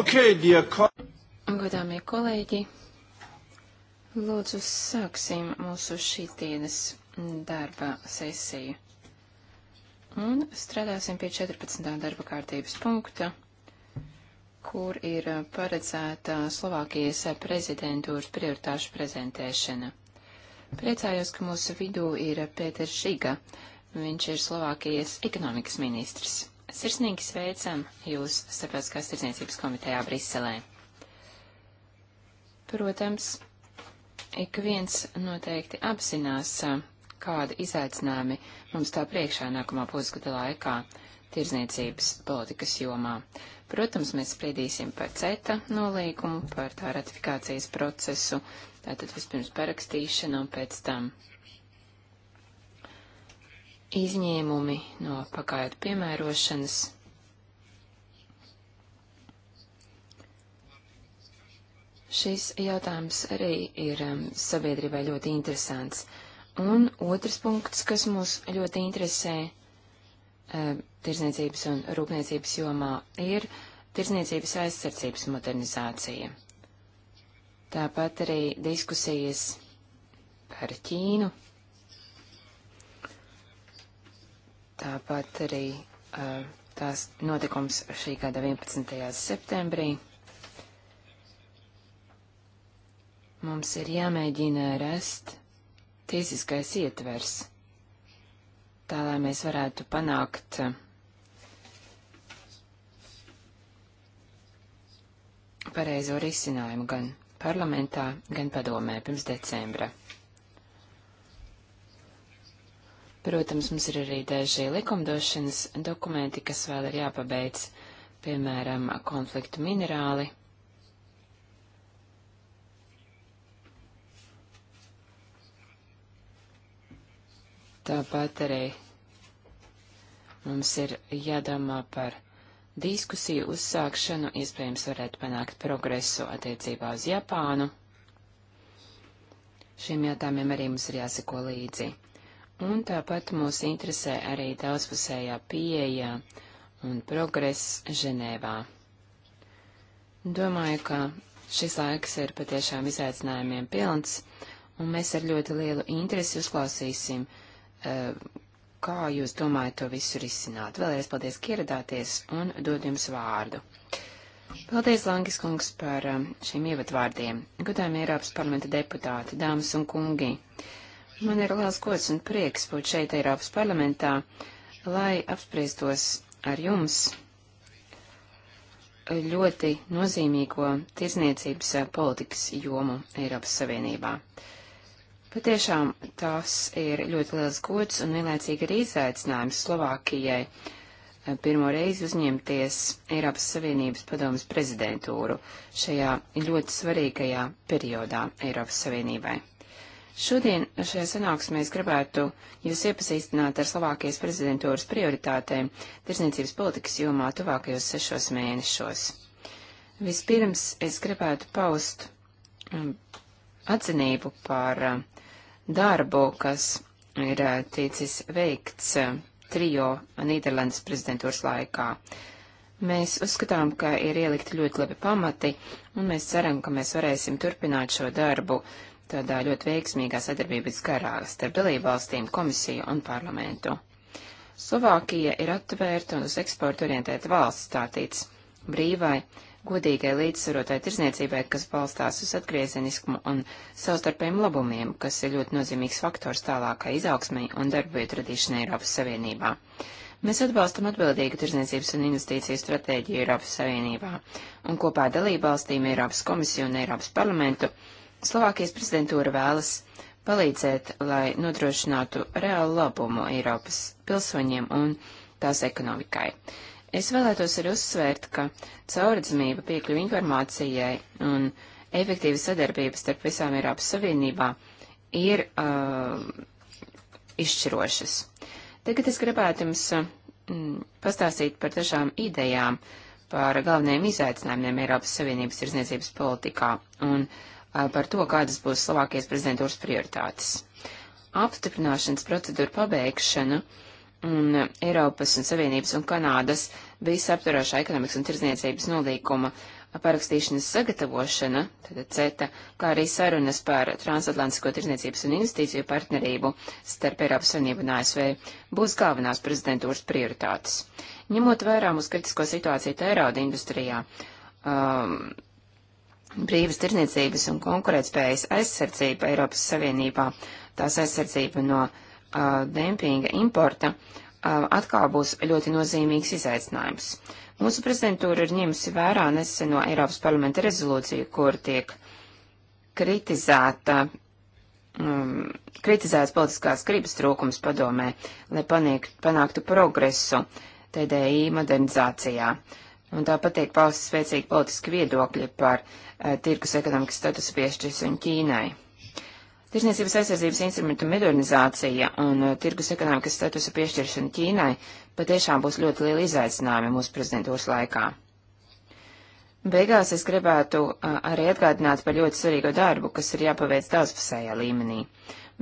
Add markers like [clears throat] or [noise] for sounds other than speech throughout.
Okay, dear co Godāmie kolēģi, lūdzu sāksim mūsu šītdienas darba sesiju. Un strādāsim pie 14. darba kārtības punkta, kur ir paredzēta Slovākijas prezidentūras prioritāšu prezentēšana. Priecājos, ka mūsu vidū ir Pēters Žiga. Viņš ir Slovākijas ekonomikas ministrs. Sirsnīgi sveicam jūs Starptautiskās tirdzniecības komitejā Briselē. Protams, ik viens noteikti apzinās, kādi izaicinājumi mums tā priekšā nākamā pusgada laikā tirdzniecības politikas jomā. Protams, mēs spriedīsim par CETA nolīgumu, par tā ratifikācijas procesu, tātad vispirms parakstīšanu un pēc tam izņēmumi no pagaidu piemērošanas. Šis jautājums arī ir um, sabiedrībai ļoti interesants. Un otrs punkts, kas mūs ļoti interesē um, tirzniecības un rūpniecības jomā, ir tirzniecības aizsardzības modernizācija. Tāpat arī diskusijas par Ķīnu Tāpat arī uh, tās notikums šī gada 11. septembrī. Mums ir jāmēģina rast tiesiskais ietvers, tā lai mēs varētu panākt eh, pareizo risinājumu gan parlamentā, gan padomē pirms decembra. Protams, mums ir arī daži likumdošanas dokumenti, kas vēl ir jāpabeidz, piemēram, konfliktu minerāli. Tāpat arī mums ir jādomā par diskusiju uzsākšanu, iespējams varētu panākt progresu attiecībā uz Japānu. Šiem jautājumiem arī mums ir jāseko līdzi. Un tāpat mūs interesē arī daudzpusējā pieeja un progress Ženēvā. Domāju, ka šis laiks ir patiešām izaicinājumiem pilns, un mēs ar ļoti lielu interesi uzklausīsim, eh, kā jūs domājat to visu risināt. Vēlreiz paldies, ka ieradāties, un dod jums vārdu. Paldies, Langis kungs, par eh, šiem ievadvārdiem. Godājumi Eiropas parlamenta deputāti, dāmas un kungi. Uh, Man ir liels gods un prieks būt šeit Eiropas parlamentā, lai apspriestos ar jums ļoti nozīmīgo tirzniecības eh, politikas jomu Eiropas Savienībā. Patiešām tās ir ļoti liels gods un vienlaicīgi arī izaicinājums Slovākijai eh, pirmo reizi uzņemties Eiropas Savienības padomas prezidentūru šajā ļoti svarīgajā periodā Eiropas Savienībai. Šodien šajā sanāksmē es gribētu jūs iepazīstināt ar Slovākijas prezidentūras prioritātēm tirsniecības politikas jomā tuvākajos sešos mēnešos. Vispirms es gribētu paust mm, atzinību par mm, darbu, kas ir mm, ticis veikts trijo Nīderlandes prezidentūras laikā. Mēs uzskatām, ka ir ielikti ļoti labi pamati, un mēs ceram, ka mēs varēsim turpināt šo darbu uh, tādā ļoti veiksmīgā sadarbības garā starp dalībvalstīm, komisiju un parlamentu. Slovākija ir atvērta un uz eksportu orientēta valsts stātīts brīvai, godīgai līdzsvarotai tirzniecībai, kas balstās uz atgriezeniskumu un savstarpējiem labumiem, kas ir ļoti nozīmīgs faktors tālākai izaugsmai un darbvietu radīšanai Eiropas Savienībā. Mēs atbalstam atbildīgu tirzniecības un investīciju stratēģiju Eiropas Savienībā, un kopā ar dalībvalstīm Eiropas komisiju un Eiropas parlamentu Slovākijas prezidentūra vēlas palīdzēt, lai nodrošinātu reālu labumu Eiropas pilsoņiem un tās ekonomikai. Es vēlētos arī uzsvērt, ka caurredzamība piekļuva informācijai un efektīva sadarbība starp visām Eiropas Savienībā ir uh, izšķirošas. Tagad es gribētu jums mm, pastāstīt par dažām idejām par galvenajiem izaicinājumiem Eiropas Savienības tirzniecības politikā un uh, par to, kādas būs Slovākijas prezidentūras prioritātes. Apstiprināšanas procedūra pabeigšana un Eiropas un Savienības un Kanādas visaptvarošā ekonomikas un tirdzniecības nolīkuma parakstīšanas sagatavošana, tad CETA, kā arī sarunas par transatlantisko tirdzniecības un investīciju partnerību starp Eiropas Savienību un ASV būs galvenās prezidentūras prioritātes. Ņemot vērā mūsu kritisko situāciju tērauda industrijā, um, brīvas tirniecības un konkurētspējas aizsardzība Eiropas Savienībā, tās aizsardzība no uh, dempinga importa, uh, atkal būs ļoti nozīmīgs izaicinājums. Mūsu prezidentūra ir ņemusi vērā neseno Eiropas parlamenta rezolūciju, kur tiek kritizēta, um, kritizēts politiskās gribas trūkums padomē, lai paniek, panāktu progresu TDI modernizācijā. Uh, Un tāpat tiek pausti spēcīgi politiski viedokļi par uh, eh, tirkus ekonomikas statusu piešķiršanu Ķīnai. Tirzniecības aizsardzības instrumentu modernizācija un uh, eh, tirkus ekonomikas statusa piešķiršana Ķīnai patiešām būs ļoti liela izaicinājuma mūsu prezidentūras laikā. Beigās es gribētu uh, arī atgādināt par ļoti svarīgo darbu, kas ir jāpaveic daudzpusējā līmenī.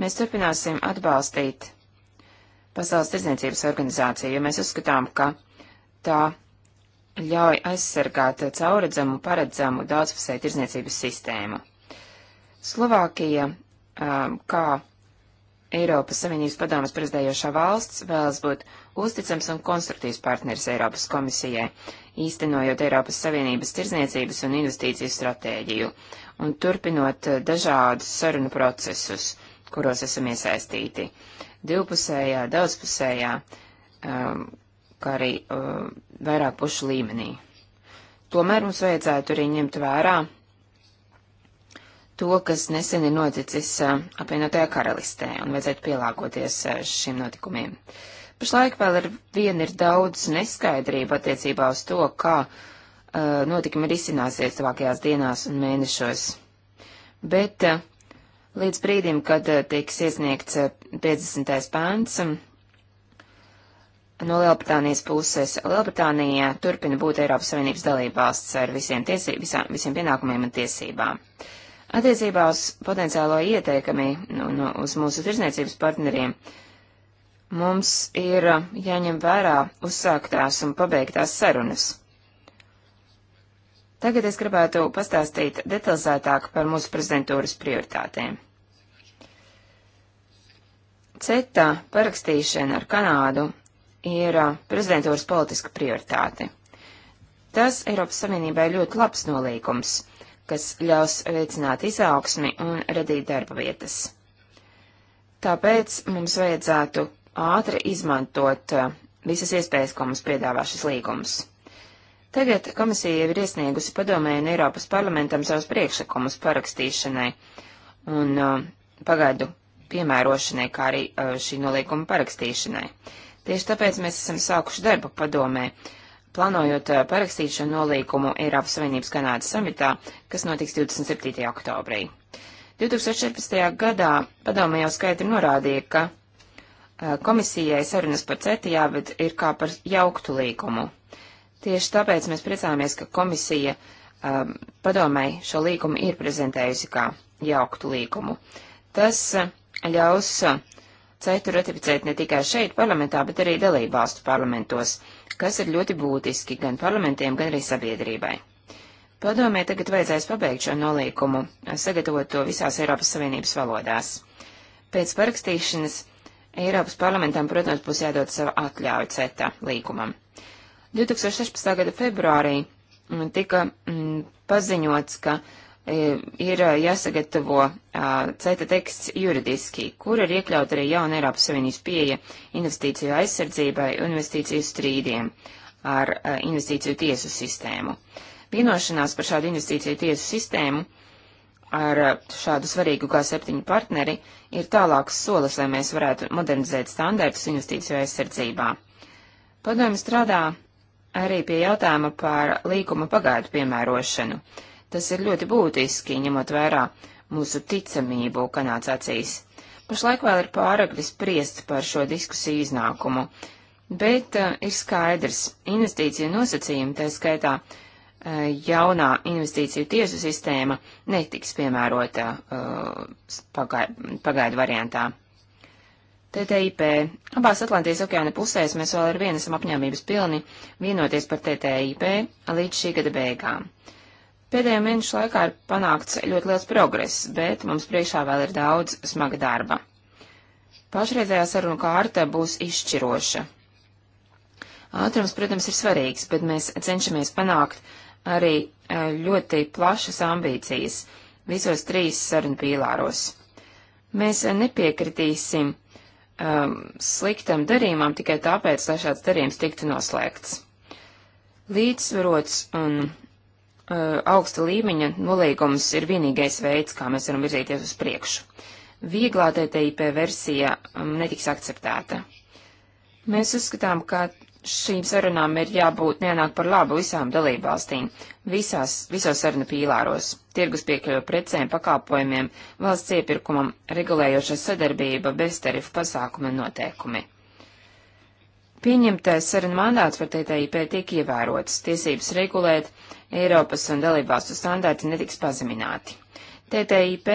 Mēs turpināsim atbalstīt Pasaules tirzniecības organizāciju, jo mēs uzskatām, ka tā ļauj aizsargāt cauredzamu, paredzamu daudzpusēju tirzniecības sistēmu. Slovākija, kā Eiropas Savienības padomas prezidējošā valsts, vēlas būt uzticams un konstruktīvs partneris Eiropas komisijai, īstenojot Eiropas Savienības tirzniecības un investīciju stratēģiju un turpinot dažādus sarunu procesus, kuros esam iesaistīti - divpusējā, daudzpusējā, um, kā arī uh, vairāk pušu līmenī. Tomēr mums vajadzētu arī ņemt vērā to, kas nesen ir noticis uh, apvienotajā karalistē, un vajadzētu pielāgoties uh, šiem notikumiem. Pašlaik vēl ar vienu ir daudz neskaidrību attiecībā uz to, kā uh, notikumi risināsies tuvākajās dienās un mēnešos. Bet uh, līdz brīdim, kad uh, tiks iesniegts 50. Uh, pāns, no Lielbritānijas puses. Lielbritānija turpina būt Eiropas Savienības dalībvalsts ar visiem, tiesī, visām, visiem pienākumiem un tiesībām. Attiecībā uz potenciālo ieteikumi nu, nu, uz mūsu tirzniecības partneriem mums ir jāņem vērā uzsāktās un pabeigtās sarunas. Tagad es gribētu pastāstīt detalizētāk par mūsu prezidentūras prioritātēm. CETA parakstīšana ar Kanādu ir prezidentūras politiska prioritāte. Tas Eiropas Savienībai ļoti labs nolīgums, kas ļaus veicināt izaugsmi un radīt darba vietas. Tāpēc mums vajadzētu ātri izmantot visas iespējas, ko mums piedāvā šis līgums. Tagad komisija jau ir iesniegusi padomē un Eiropas parlamentam savus priekšlikumus parakstīšanai un uh, pagaidu piemērošanai, kā arī uh, šī nolīguma parakstīšanai. Uh, Tieši tāpēc mēs esam sākuši darbu padomē, plānojot parakstīt šo nolīkumu Eiropas Savienības Kanādas samitā, kas notiks 27. oktobrī. 2014. gadā padomē jau skaidri norādīja, ka komisijai sarunas par CETA jāved ir kā par jauktu līkumu. Tieši tāpēc mēs priecāmies, ka komisija um, padomēji šo līkumu ir prezentējusi kā jauktu līkumu. Tas ļaus uh, CETU ratificēt ne tikai šeit parlamentā, bet arī dalībvalstu parlamentos, kas ir ļoti būtiski gan parlamentiem, gan arī sabiedrībai. Padomē tagad vajadzēs pabeigt šo nolīkumu, sagatavot to visās Eiropas Savienības valodās. Pēc parakstīšanas Eiropas parlamentam, protams, būs jādod sava atļauja CETA līkumam. 2016. gada februārī tika mm, paziņots, ka uh, E, ir e, jāsagatavo CETA teksts juridiski, kur ir iekļaut arī jauna Eiropas Savienības pieeja investīciju aizsardzībai un investīciju strīdiem ar investīciju tiesu sistēmu. Vienošanās par šādu investīciju tiesu sistēmu ar šādu svarīgu G7 partneri ir tālāks solis, lai mēs varētu modernizēt standartus investīciju aizsardzībā. Padomju strādā arī pie jautājuma par līkuma pagaidu piemērošanu. Tas ir ļoti būtiski, ņemot vērā mūsu ticamību Kanādas acīs. Pašlaik vēl ir pāragri spriest par šo diskusiju iznākumu, bet uh, ir skaidrs, investīciju nosacījumi, tā skaitā uh, jaunā investīciju tiesu sistēma, netiks piemērota uh, pagai, pagaidu variantā. TTIP. Abās Atlantijas okeāna pusēs mēs vēl ar vienu esam apņēmības pilni vienoties par TTIP līdz šī gada beigām. Uh, Pēdējo mēnešu laikā ir panākts ļoti liels progress, bet mums priekšā vēl ir daudz smaga darba. Pašreizējā saruna kārta būs izšķiroša. Ātrums, protams, ir svarīgs, bet mēs cenšamies panākt arī eh, ļoti plašas ambīcijas visos trīs sarunu pīlāros. Mēs nepiekritīsim um, sliktam darījumam tikai tāpēc, lai šāds darījums tiktu noslēgts. Līdzsvarots un augsta līmeņa nolīgums ir vienīgais veids, kā mēs varam virzīties uz priekšu. Vieglā TTIP versija um, netiks akceptēta. Mēs uzskatām, ka šīm sarunām ir jābūt nenāk par labu visām dalībvalstīm, visās, visos sarunu pīlāros - tirgus piekļuva precēm, pakāpojumiem, valsts iepirkumam, regulējoša sadarbība, beztarifu pasākumi un noteikumi. Pieņemtais saruna mandāts par TTIP tiek ievērots, tiesības regulēt Eiropas un dalībvalstu standārti netiks pazemināti. TTIP,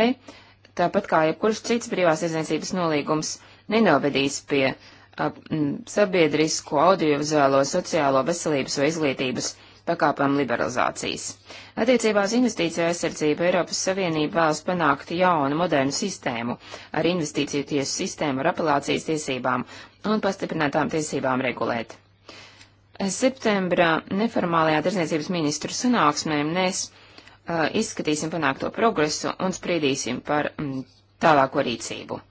tāpat kā jebkurš cits brīvās izniecības nolīgums, nenovedīs pie ap, m, sabiedrisko, audiovizuālo, sociālo, veselības vai izglītības pakāpam liberalizācijas. Attiecībā uz investīciju aizsardzību Eiropas Savienība vēlas panākt jaunu, modernu sistēmu ar investīciju tiesu sistēmu ar apelācijas tiesībām un pastiprinātām tiesībām regulēt. Septembra neformālajā tirzniecības ministru sanāksmē mēs uh, izskatīsim panākto progresu un spriedīsim par mm, tālāko rīcību.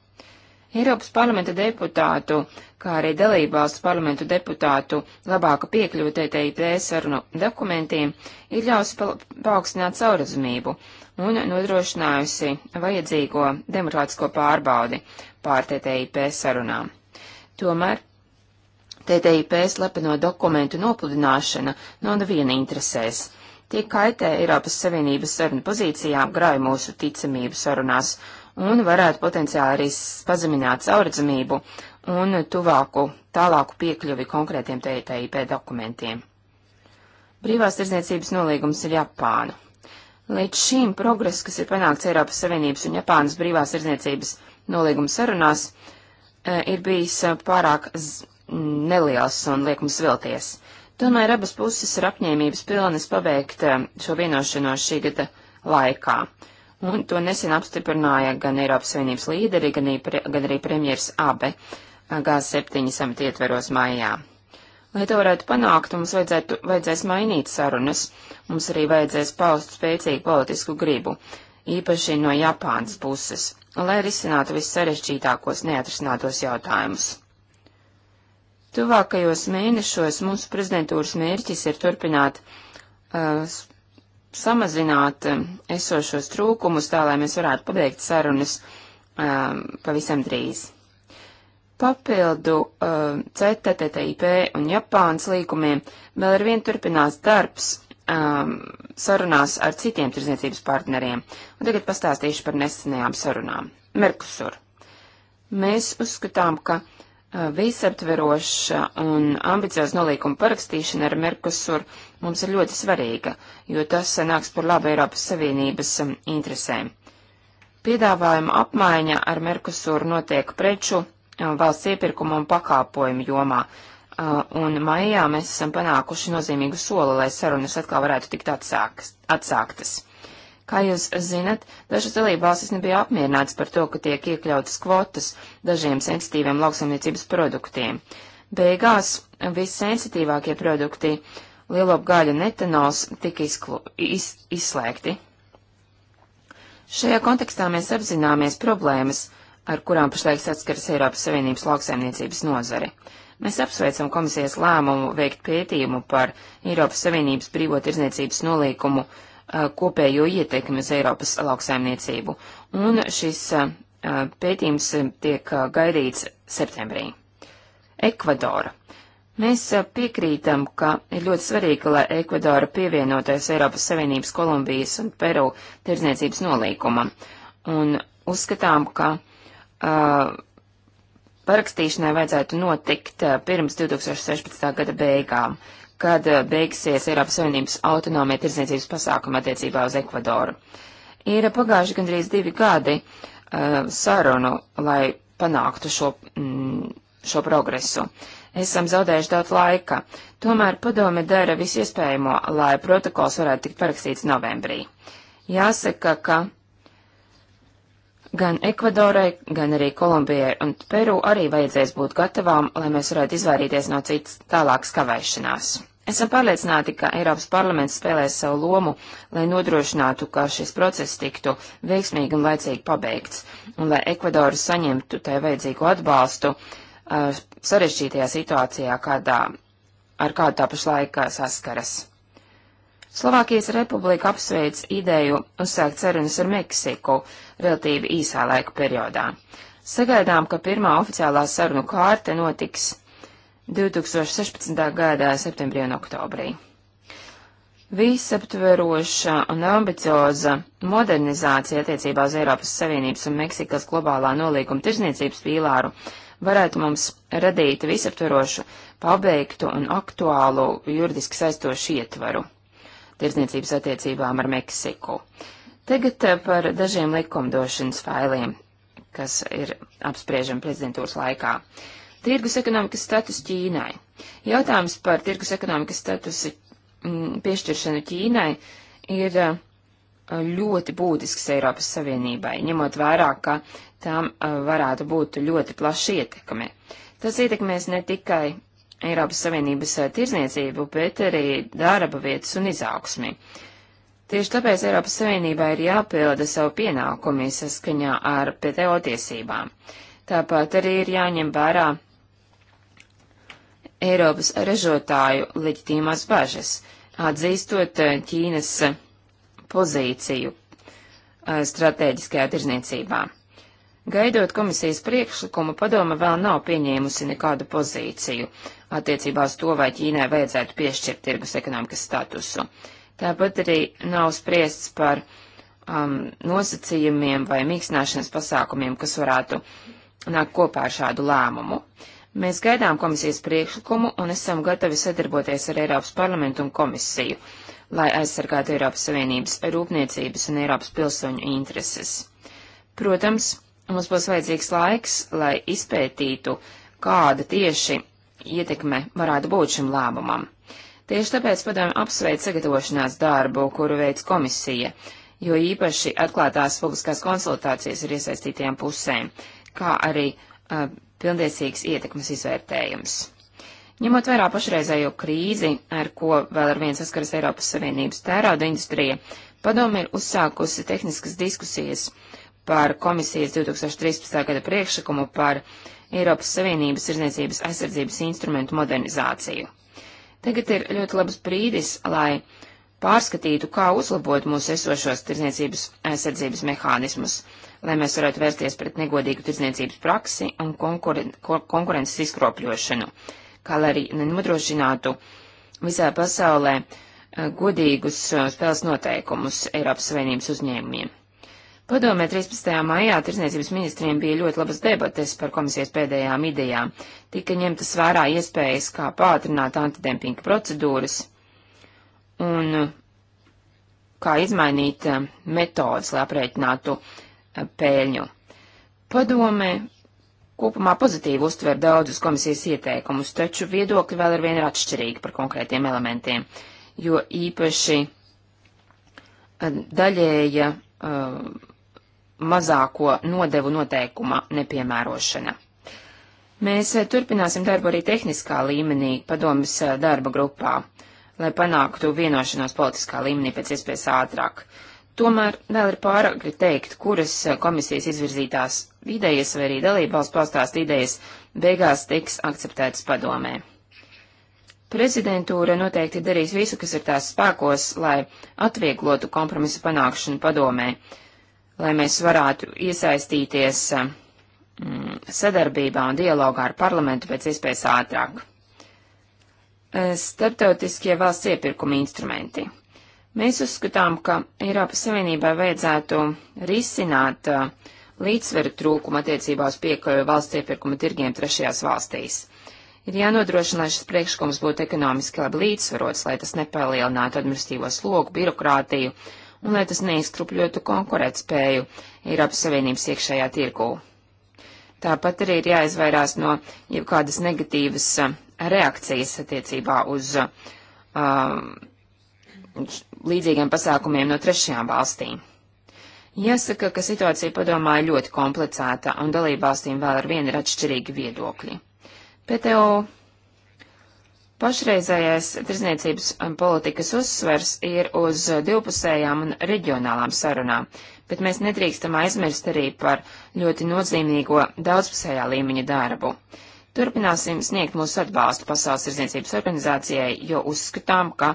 Eiropas parlamenta deputātu, kā arī dalībvalstu parlamentu deputātu labāka piekļuva TTIP sarunu dokumentiem ir ļausi pa paaugstināt sauradzumību un nodrošinājusi vajadzīgo demokrātisko pārbaudi pār TTIP sarunām. Tomēr TTIP slepeno dokumentu nopludināšana nav no neviena interesēs. Tie kaitē Eiropas Savienības sarunu pozīcijām, grauj mūsu ticamību sarunās un varētu potenciāli arī pazemināt caurredzamību un tuvāku, tālāku piekļuvi konkrētiem TTIP dokumentiem. Brīvās tirdzniecības nolīgums ir Japāna. Līdz šim progress, kas ir panākts Eiropas Savienības un Japānas brīvās tirdzniecības nolīguma sarunās, e, ir bijis e, pārāk neliels un liek mums vilties. Tomēr abas puses ir apņēmības pilnas pabeigt e, šo vienošanos šī gada laikā. Uh, un to nesen apstiprināja gan Eiropas Savienības līderi, gan, pre, gan arī premjers Abe G7 samita ietveros mājā. Lai to varētu panākt, mums vajadzētu, vajadzēs mainīt sarunas, mums arī vajadzēs paust spēcīgu politisku gribu, īpaši no Japānas puses, lai risinātu vissarežģītākos neatrisinātos jautājumus. Tuvākajos mēnešos mūsu prezidentūras mērķis ir turpināt uh, samazināt eh, esošos trūkumus, tā lai mēs varētu pabeigt sarunas um, pavisam drīz. Papildu um, ehm, CETA, TTIP un Japānas līkumiem vēl ar vienu turpinās darbs um, sarunās ar citiem tirdzniecības partneriem, un tagad pastāstīšu par nesenajām sarunām. Merkusur. Mēs uzskatām, ka uh, visaptveroša un ambicioza nolīkuma parakstīšana ar Merkusur uh, mums ir ļoti svarīga, jo tas nāks par labu Eiropas Savienības um, interesēm. Piedāvājuma apmaiņa ar Merkusuru notiek preču, um, valsts iepirkumu un pakāpojumu jomā, uh, un maijā mēs esam panākuši nozīmīgu soli, lai sarunas atkal varētu tikt atsāks, atsāktas. Kā jūs zinat, dažas dalībvalstis nebija apmierināts par to, ka tiek iekļautas kvotas dažiem sensitīviem lauksaimniecības produktiem. Beigās um, vissensitīvākie produkti lielopgaļa un etanols tika izklu, iz, izslēgti. Šajā kontekstā mēs apzināmies problēmas, ar kurām pašlaik saskaras Eiropas Savienības lauksaimniecības nozare. Mēs apsveicam komisijas lēmumu veikt pētījumu par Eiropas Savienības brīvo tirzniecības nolīkumu kopējo ietekmi uz Eiropas lauksaimniecību, un šis pētījums tiek gaidīts septembrī. Ekvadora. Mēs piekrītam, ka ir ļoti svarīgi, lai Ekvadora pievienotos Eiropas Savienības Kolumbijas un Peru tirdzniecības nolīkumam, un uzskatām, ka uh, parakstīšanai vajadzētu notikt uh, pirms 2016. gada beigām, kad uh, beigsies Eiropas Savienības autonomija tirdzniecības pasākuma attiecībā uz Ekvadoru. Ir pagājuši gandrīz divi gadi uh, sarunu, lai panāktu šo, mm, šo progresu. Uh, esam zaudējuši daudz laika. Tomēr padome dara visu iespējamo, lai protokols varētu tikt parakstīts novembrī. Jāsaka, ka gan Ekvadorai, gan arī Kolumbijai un Peru arī vajadzēs būt gatavām, lai mēs varētu izvairīties no citas tālākas kavēšanās. Esam pārliecināti, ka Eiropas parlaments spēlēs savu lomu, lai nodrošinātu, ka šis process tiktu veiksmīgi un laicīgi pabeigts, un lai Ekvadoru saņemtu tai vajadzīgo atbalstu uh, sarežģītajā situācijā, kādā, ar kādu tā pašlaik saskaras. Slovākijas republika apsveic ideju uzsākt sarunas ar Meksiku relatīvi īsā laika periodā. Sagaidām, ka pirmā oficiālā sarunu kārta notiks 2016. gada septembrī un oktobrī. Visaptveroša un ambicioza modernizācija attiecībā uz Eiropas Savienības un Meksikas globālā nolīguma tirzniecības pīlāru varētu mums radīt visaptverošu, pabeigtu un aktuālu juridiski saistošu ietvaru tirdzniecības attiecībām ar Meksiku. Tagad eh, par dažiem likumdošanas failiem, kas ir apspriežami prezidentūras laikā. Tirgus ekonomikas status Ķīnai. Jautājums par tirgus ekonomikas statusu mm, piešķiršanu Ķīnai ir uh, ļoti būtisks Eiropas Savienībai, ņemot vērā, ka tam uh, varētu būt ļoti plaša ietekme. Tas ietekmēs ne tikai Eiropas Savienības uh, tirzniecību, bet arī darba vietas un izaugsmi. Tieši tāpēc Eiropas Savienībā ir jāpilda savu pienākumu saskaņā ar PTO tiesībām. Tāpat arī ir jāņem vērā Eiropas ražotāju leģitīmās bažas, atzīstot uh, Ķīnas pozīciju eh, stratēģiskajā tirzniecībā. Gaidot komisijas priekšlikumu, padoma vēl nav pieņēmusi nekādu pozīciju attiecībā uz to, vai Ķīnai vajadzētu piešķirt tirgus ekonomikas statusu. Tāpat arī nav spriests par um, nosacījumiem vai mīkstināšanas pasākumiem, kas varētu nākt kopā ar šādu lēmumu. Mēs gaidām komisijas priekšlikumu un esam gatavi sadarboties ar Eiropas parlamentu un komisiju, lai aizsargātu Eiropas Savienības rūpniecības un Eiropas pilsoņu intereses. Protams, mums būs vajadzīgs laiks, lai izpētītu, kāda tieši ietekme varētu būt šim lēmumam. Tieši tāpēc padomju apsveic sagatavošanās darbu, kuru veids komisija, jo īpaši atklātās publiskās konsultācijas ar iesaistītajām pusēm, kā arī uh, pilntiesīgs ietekmes izvērtējums. Ņemot vērā pašreizējo krīzi, ar ko vēl ar vien saskaras Eiropas Savienības tērauda industrija, padomi ir uzsākusi tehniskas diskusijas par komisijas 2013. gada priekšlikumu par Eiropas Savienības tirdzniecības aizsardzības instrumentu modernizāciju. Tagad ir ļoti labs brīdis, lai pārskatītu, kā uzlabot mūsu esošos tirdzniecības aizsardzības mehānismus, lai mēs varētu vērsties pret negodīgu tirdzniecības praksi un konkuren konkurences izkropļošanu, kā lai arī nodrošinātu visā pasaulē eh, godīgus eh, spēles noteikumus Eiropas Savienības uzņēmumiem. Padomē 13. maijā tirsniecības ministriem bija ļoti labas debates par komisijas pēdējām idejām. Tika ņemtas vērā iespējas, kā pātrināt antidempinga procedūras un eh, kā izmainīt metodas, lai aprēķinātu pēļņu. Padomē Kopumā pozitīvi uztver daudzus komisijas ieteikumus, taču viedokļi vēl ar vienu ir atšķirīgi par konkrētiem elementiem, jo īpaši eh, daļēja uh, mazāko nodevu noteikuma nepiemērošana. Mēs eh, turpināsim darbu arī tehniskā līmenī padomas darba grupā, lai panāktu vienošanos politiskā līmenī pēc iespējas ātrāk. Tomēr vēl ir pāragri teikt, kuras komisijas izvirzītās idejas vai arī dalībvalsts paustās idejas beigās tiks akceptētas padomē. Prezidentūra noteikti darīs visu, kas ir tās spēkos, lai atvieglotu kompromisa panākšanu padomē, lai mēs varētu iesaistīties mm, sadarbībā un dialogā ar parlamentu pēc iespējas ātrāk. E, Startautiskie valsts iepirkuma instrumenti. Mēs uzskatām, ka Eiropas Savienībai vajadzētu risināt uh, līdzsveru trūkumu attiecībā uz piekļuvi valsts iepirkuma tirgiem trešajās valstīs. Ir jānodrošina, lai šis priekšlikums būtu ekonomiski labi līdzsvarots, lai tas nepalielinātu administratīvo slogu, birokrātiju un lai tas neizkrupļotu konkurētspēju Eiropas Savienības iekšējā tirgū. Tāpat arī ir jāizvairās no jau kādas negatīvas reakcijas attiecībā uz um, līdzīgiem pasākumiem no trešajām valstīm. Jāsaka, ka situācija padomā ir ļoti komplicēta, un dalībvalstīm vēl ar vienu ir atšķirīgi viedokļi. PTO pašreizējais tirzniecības um, politikas uzsvers ir uz divpusējām un reģionālām sarunām, bet mēs nedrīkstam aizmirst arī par ļoti nozīmīgo daudzpusējā līmeņa darbu. Turpināsim sniegt mūsu atbalstu Pasaules tirdzniecības organizācijai, jo uzskatām, ka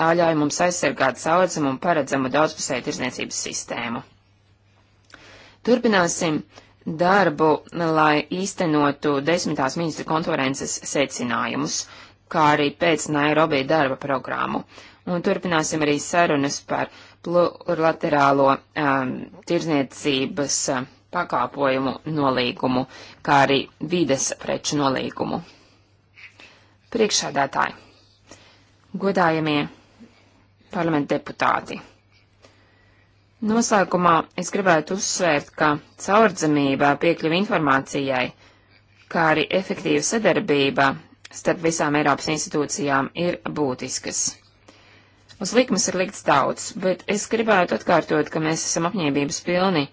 tā ļauj mums aizsargāt saudzumu un paredzamu daudzpusēju tirdzniecības sistēmu. Turpināsim darbu, lai īstenotu desmitās ministru konferences secinājumus, kā arī pēc Nairobi darba programmu. Un turpināsim arī sarunas par plurilaterālo um, tirzniecības um, pakāpojumu nolīgumu, kā arī vides preču nolīgumu. Priekšādātāji, godājamie parlamenta deputāti! Noslēgumā es gribētu uzsvērt, ka caurdzamība piekļuva informācijai, kā arī efektīva sadarbība starp visām Eiropas institūcijām ir būtiskas. Uz likmes ir likts daudz, bet es gribētu atkārtot, ka mēs esam apņēmības pilni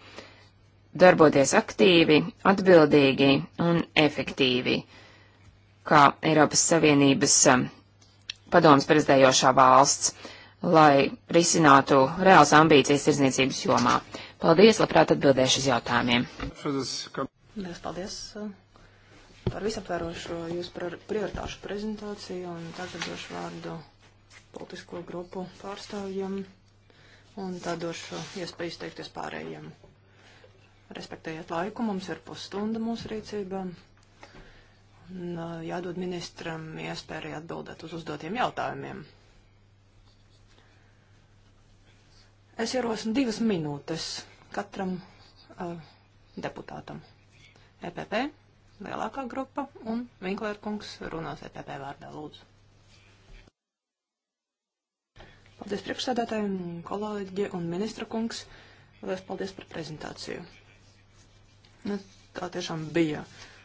darboties aktīvi, atbildīgi un efektīvi, kā Eiropas Savienības um, padomas prezidējošā valsts lai risinātu reāls ambīcijas tirdzniecības jomā. Paldies, labprāt atbildēšu uz jautājumiem. Liels paldies uh, par visaptvērošo jūsu prioritāšu prezentāciju un tagad došu vārdu politisko grupu pārstāvjiem un tad došu iespēju izteikties pārējiem. Respektējiet laiku, mums ir pusstunda mūsu rīcībā. Un, uh, jādod ministram iespēja arī atbildēt uz uzdotiem jautājumiem. Es ierosinu divas minūtes katram uh, deputātam. EPP, lielākā grupa, un Vinklērkungs runās EPP vārdā, lūdzu. Paldies priekšsēdētājiem, kolēģi un ministra kungs. Lielas paldies par prezentāciju. Nu, tā tiešām bija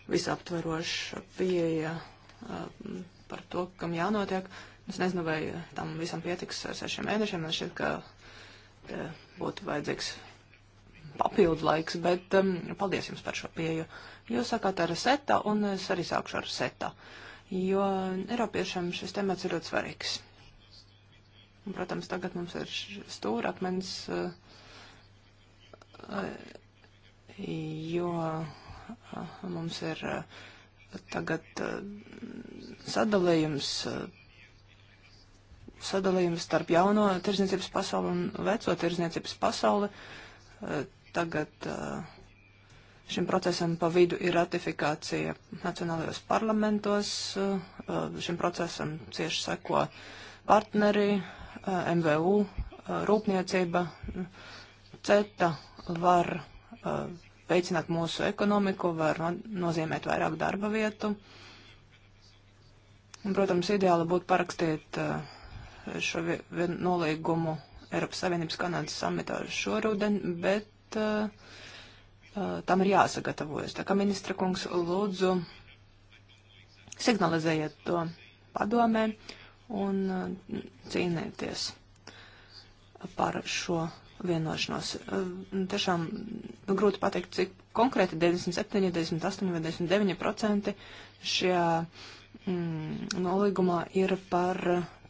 visaptveroša pieeja uh, par to, kam jānotiek. Es nezinu, vai tam visam pietiks ar sešiem mēnešiem. Man šķiet, ka būtu vajadzīgs papildu laiks, bet um, paldies jums par šo pieju. Jūs sakāt ar seta, un es arī sākšu ar seta, jo Eiropiešiem šis temats ir ļoti svarīgs. Un, protams, tagad mums ir stūrakmens, uh, jo uh, mums ir uh, tagad sadalījums sadalījums starp jauno tirzniecības pasauli un veco tirzniecības pasauli. Eh, tagad eh, šim procesam pa vidu ir ratifikācija nacionālajos parlamentos. Eh, šim procesam cieši seko partneri, MVU, rūpniecība. CETA var veicināt mūsu ekonomiku, var nozīmēt vairāk darba vietu. Un, protams, ideāli būtu parakstīt uh, šo nolīgumu Eiropas Savienības Kanādas samitā šoruden, bet uh, uh, tam ir jāsagatavojas. Tā kā ministra kungs lūdzu signalizējiet to padomē un uh, cīnēties par šo vienošanos. Uh, tiešām nu, grūti pateikt, cik konkrēti 97, 98 vai 99 procenti šajā mm, nolīgumā ir par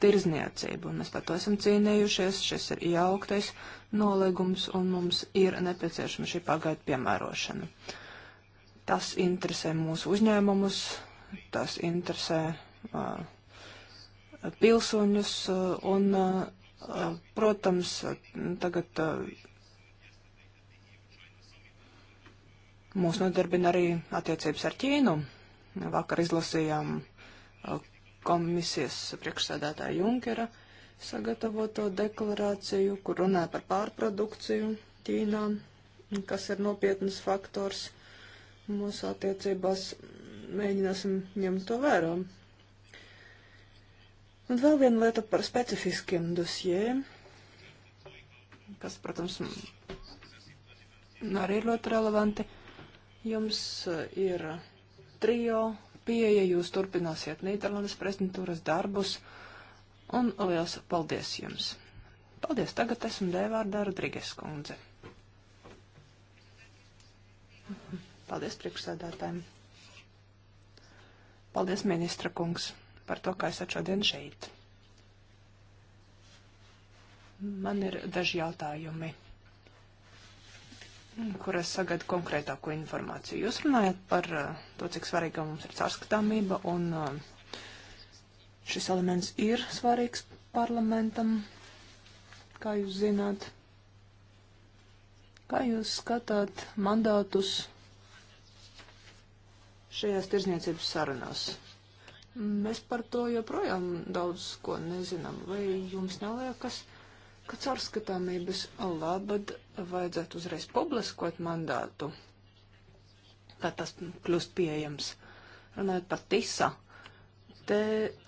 tirzniecību, un mēs par to esam cīnījušies. Šis ir jauktais nolīgums, un mums ir nepieciešama šī pagaidu piemērošana. Tas interesē mūsu uzņēmumus, tas interesē uh, pilsoņus, uh, un, uh, protams, tagad uh, mūs nodarbina arī attiecības ar Ķīnu. Vakar izlasījām uh, komisijas priekšsēdētāja Junkera sagatavoto deklarāciju, kur runāja par pārprodukciju Ķīnā, kas ir nopietnas faktors mūsu attiecībās. Mēģināsim ņemt to vērā. Un vēl viena lieta par specifiskiem dosjiem, kas, protams, arī ir ļoti relevanti. Jums ir trio pieeja, jūs turpināsiet Nīderlandes prezidentūras darbus, un liels paldies jums! Paldies, tagad esmu Dēvārda Rodrīgas kundze. Paldies priekšsēdētājiem. Paldies, ministra kungs, par to, ka esat šodien šeit. Man ir daži jautājumi kuras sagada konkrētāko informāciju. Jūs runājat par eh, to, cik svarīga mums ir caurskatāmība, un eh, šis elements ir svarīgs parlamentam, kā jūs zināt. Kā jūs skatāt mandātus šajās tirzniecības sarunās? Mēs par to joprojām daudz ko nezinām. Vai jums neliekas, ka ka caurskatāmības labad vajadzētu uzreiz publiskot mandātu, tā tas kļūst pieejams. Runājot par TISA, te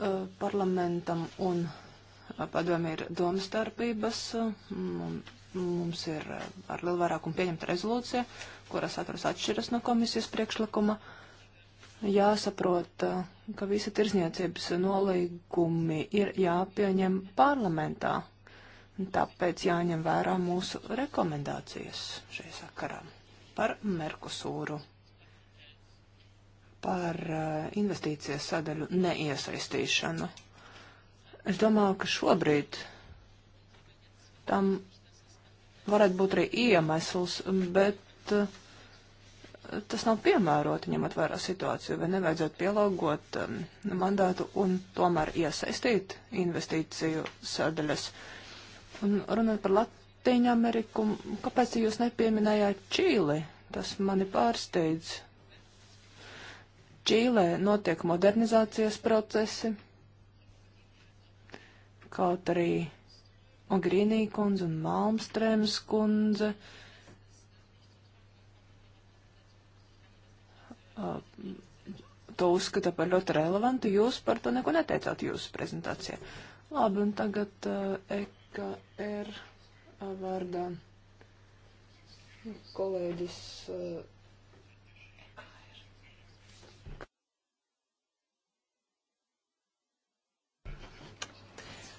uh, parlamentam un uh, padomē ir domstarpības, um, mums ir uh, ar lielu vairākumu pieņemta rezolūcija, kuras atras atšķiras no komisijas priekšlikuma. Jāsaprot, uh, ka visi tirzniecības nolīgumi ir jāpieņem parlamentā, Tāpēc jāņem vērā mūsu rekomendācijas šajā sakarā par Merkusūru, par eh, investīcijas sadaļu neiesaistīšanu. Es domāju, ka šobrīd tam varētu būt arī iemesls, bet eh, tas nav piemēroti ņemot vērā situāciju, vai nevajadzētu pielāgot eh, mandātu un tomēr iesaistīt investīciju sadaļas. Uh, Un runāt par Latīņu Ameriku, kāpēc jūs nepieminējāt Čīli? Tas mani pārsteidz. Čīlē notiek modernizācijas procesi, kaut arī Ogrīnī kundze un Malmstrēmas kundze. To uzskata par ļoti relevantu, jūs par to neko neteicāt jūsu prezentācijā. Labi, un tagad uh, EKR vārdā kolēģis. Uh,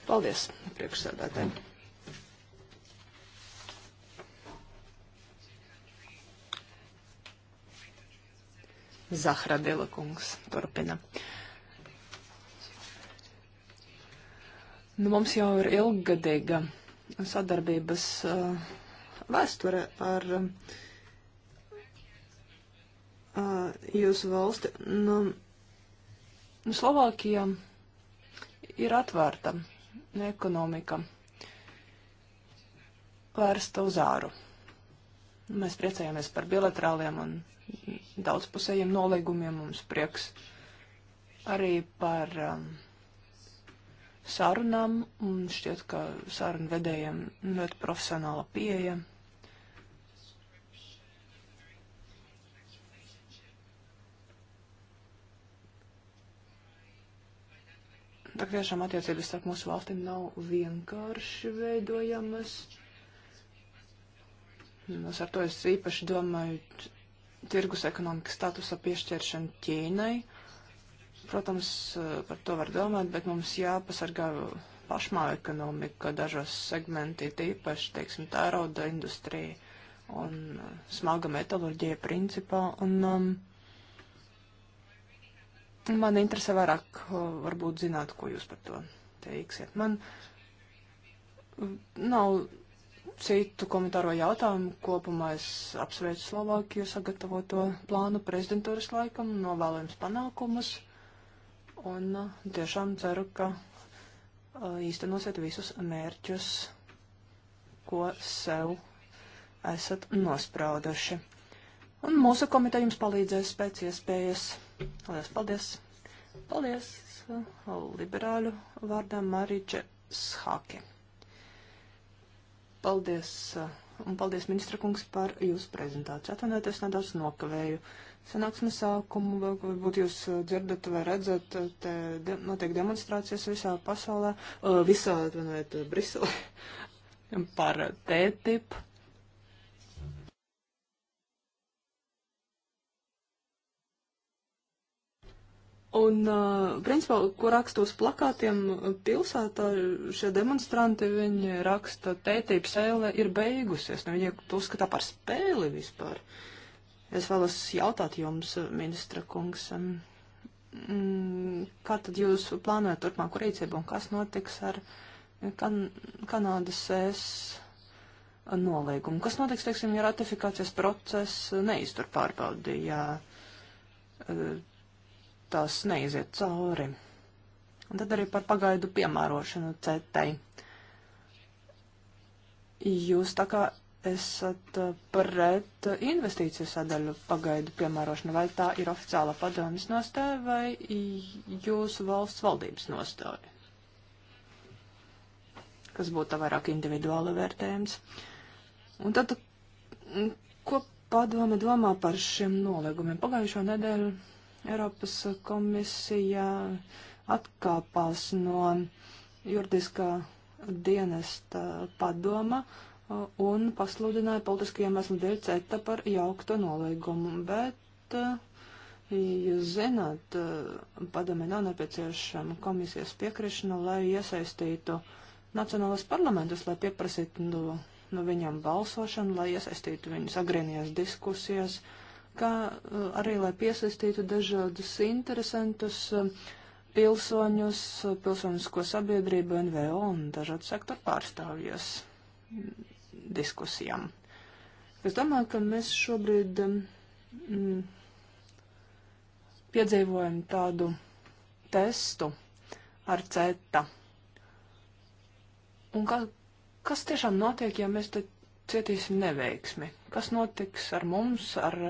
Paldies priekšsēdētājiem. Zahra Dela kungs turpina. Uh, Nu, mums jau ir ilggadīga sadarbības uh, vēsture ar um, uh, jūsu valsti. Nu, nu, Slovākija ir atvērta ekonomika vērsta uz āru. Mēs priecājamies par bilaterāliem un daudzpusējiem nolīgumiem. Mums prieks arī par um, sarunām, un šķiet, ka sarunu vedējiem ļoti profesionāla pieeja. Tā tiešām attiecības starp mūsu valstīm nav vienkārši veidojamas. Es ar to es īpaši domāju tirgus ekonomikas statusa piešķiršanu Ķīnai. Uh, Protams, eh, par to var domāt, bet mums jāpasargā pašmāju ekonomika, dažos segmenti, tīpaši, teiksim, tā rauda industrija un eh, smaga metaloģija principā. Un, um, man interesē vairāk, eh, varbūt, zināt, ko jūs par to teiksiet. Man nav citu komentāro jautājumu. Kopumā es apsveicu Slovākiju sagatavoto plānu prezidentūras laikam, novēlu jums panākumus un uh, tiešām ceru, ka uh, īstenosiet visus mērķus, ko sev esat nosprauduši. Un mūsu komiteja jums palīdzēs pēc iespējas. Lielas paldies! Paldies uh, liberāļu vārdā Mariče Shake. Paldies! Uh, un paldies, ministra kungs, par jūsu prezentāciju. Atvainojiet, nedaudz nokavēju sanāksmes sākumu, varbūt jūs eh, dzirdat vai redzat, eh, te de notiek demonstrācijas visā pasaulē, eh, visā, atvainojiet, Briselē [laughs] par TTIP. Un, uh, principā, ko raksta uz plakātiem pilsētā, šie demonstranti, viņi raksta, tētības eile ir beigusies, nu viņi to uzskatā par spēli vispār. Es vēlos jautāt jums, ministra kungs, um, mm, kā tad jūs plānojat turpmāku rīcību un kas notiks ar kan Kanādas es nolīgumu? Kas notiks, teiksim, ja ratifikācijas process neiztur pārbaudi, ja uh, tas neiziet cauri. Un tad arī par pagaidu piemērošanu cetai. Jūs tā kā esat uh, pret investīciju sadaļu pagaidu piemērošanu, vai tā ir oficiāla padomjas nostāja vai jūsu valsts valdības nostāja? Kas būtu vairāk individuāli vērtējums. Un tad, mm, ko padome domā par šiem noliegumiem? Pagājušo nedēļu Eiropas komisija atkāpās no juridiskā dienesta padoma un pasludināja politiskajiem iemeslu dēļ CETA par jaukto nolīgumu. Bet, e, jūs zināt, e, padome nav nepieciešama komisijas piekrišana, lai iesaistītu nacionālas parlamentus, lai pieprasītu no, no viņiem balsošanu, lai iesaistītu viņus agrīnajās diskusijās. Uh, kā eh, arī, lai piesaistītu dažādus interesantus eh, pilsoņus, eh, pilsonisko sabiedrību, NVO un dažādu sektoru pārstāvjus mm, diskusijām. Es domāju, ka mēs šobrīd mm, piedzīvojam tādu testu ar ceta. Un kā, kas tiešām notiek, ja mēs te cietīsim neveiksmi? Kas notiks ar mums, ar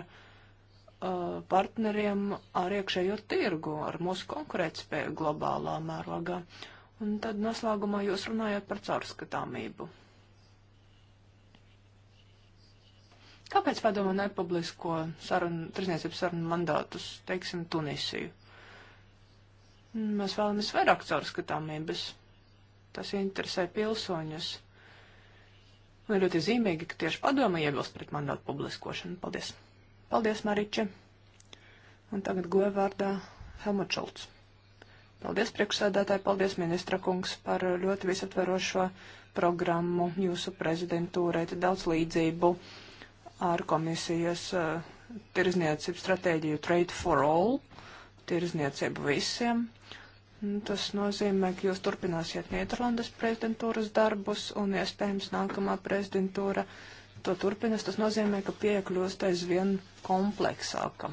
Uh, partneriem ar iekšējo tirgu, ar mūsu konkurētspēju globālā mērogā. Un tad noslēgumā jūs runājat par caurskatāmību. Kāpēc padomu nepublisko sarunu, trīsniecības sarunu mandātus, teiksim, Tunisiju? Mēs vēlamies vairāk caurskatāmības. Tas interesē pilsoņus. Un ir ļoti zīmīgi, ka tieši padoma iebilst pret mandātu publiskošanu. Paldies! Paldies, Mariča. Un tagad goja vārdā Helmut Šulcs. Paldies, priekšsēdētāji, paldies, ministra kungs, par ļoti visaptverošo programmu jūsu prezidentūrai. Te daudz līdzību ar komisijas uh, tirzniecību stratēģiju Trade for All, tirzniecību visiem. Tas nozīmē, ka jūs turpināsiet Nīderlandes prezidentūras darbus un iespējams nākamā prezidentūra. Uh, to turpinās, tas nozīmē, ka pieeja kļūst aizvien kompleksāka.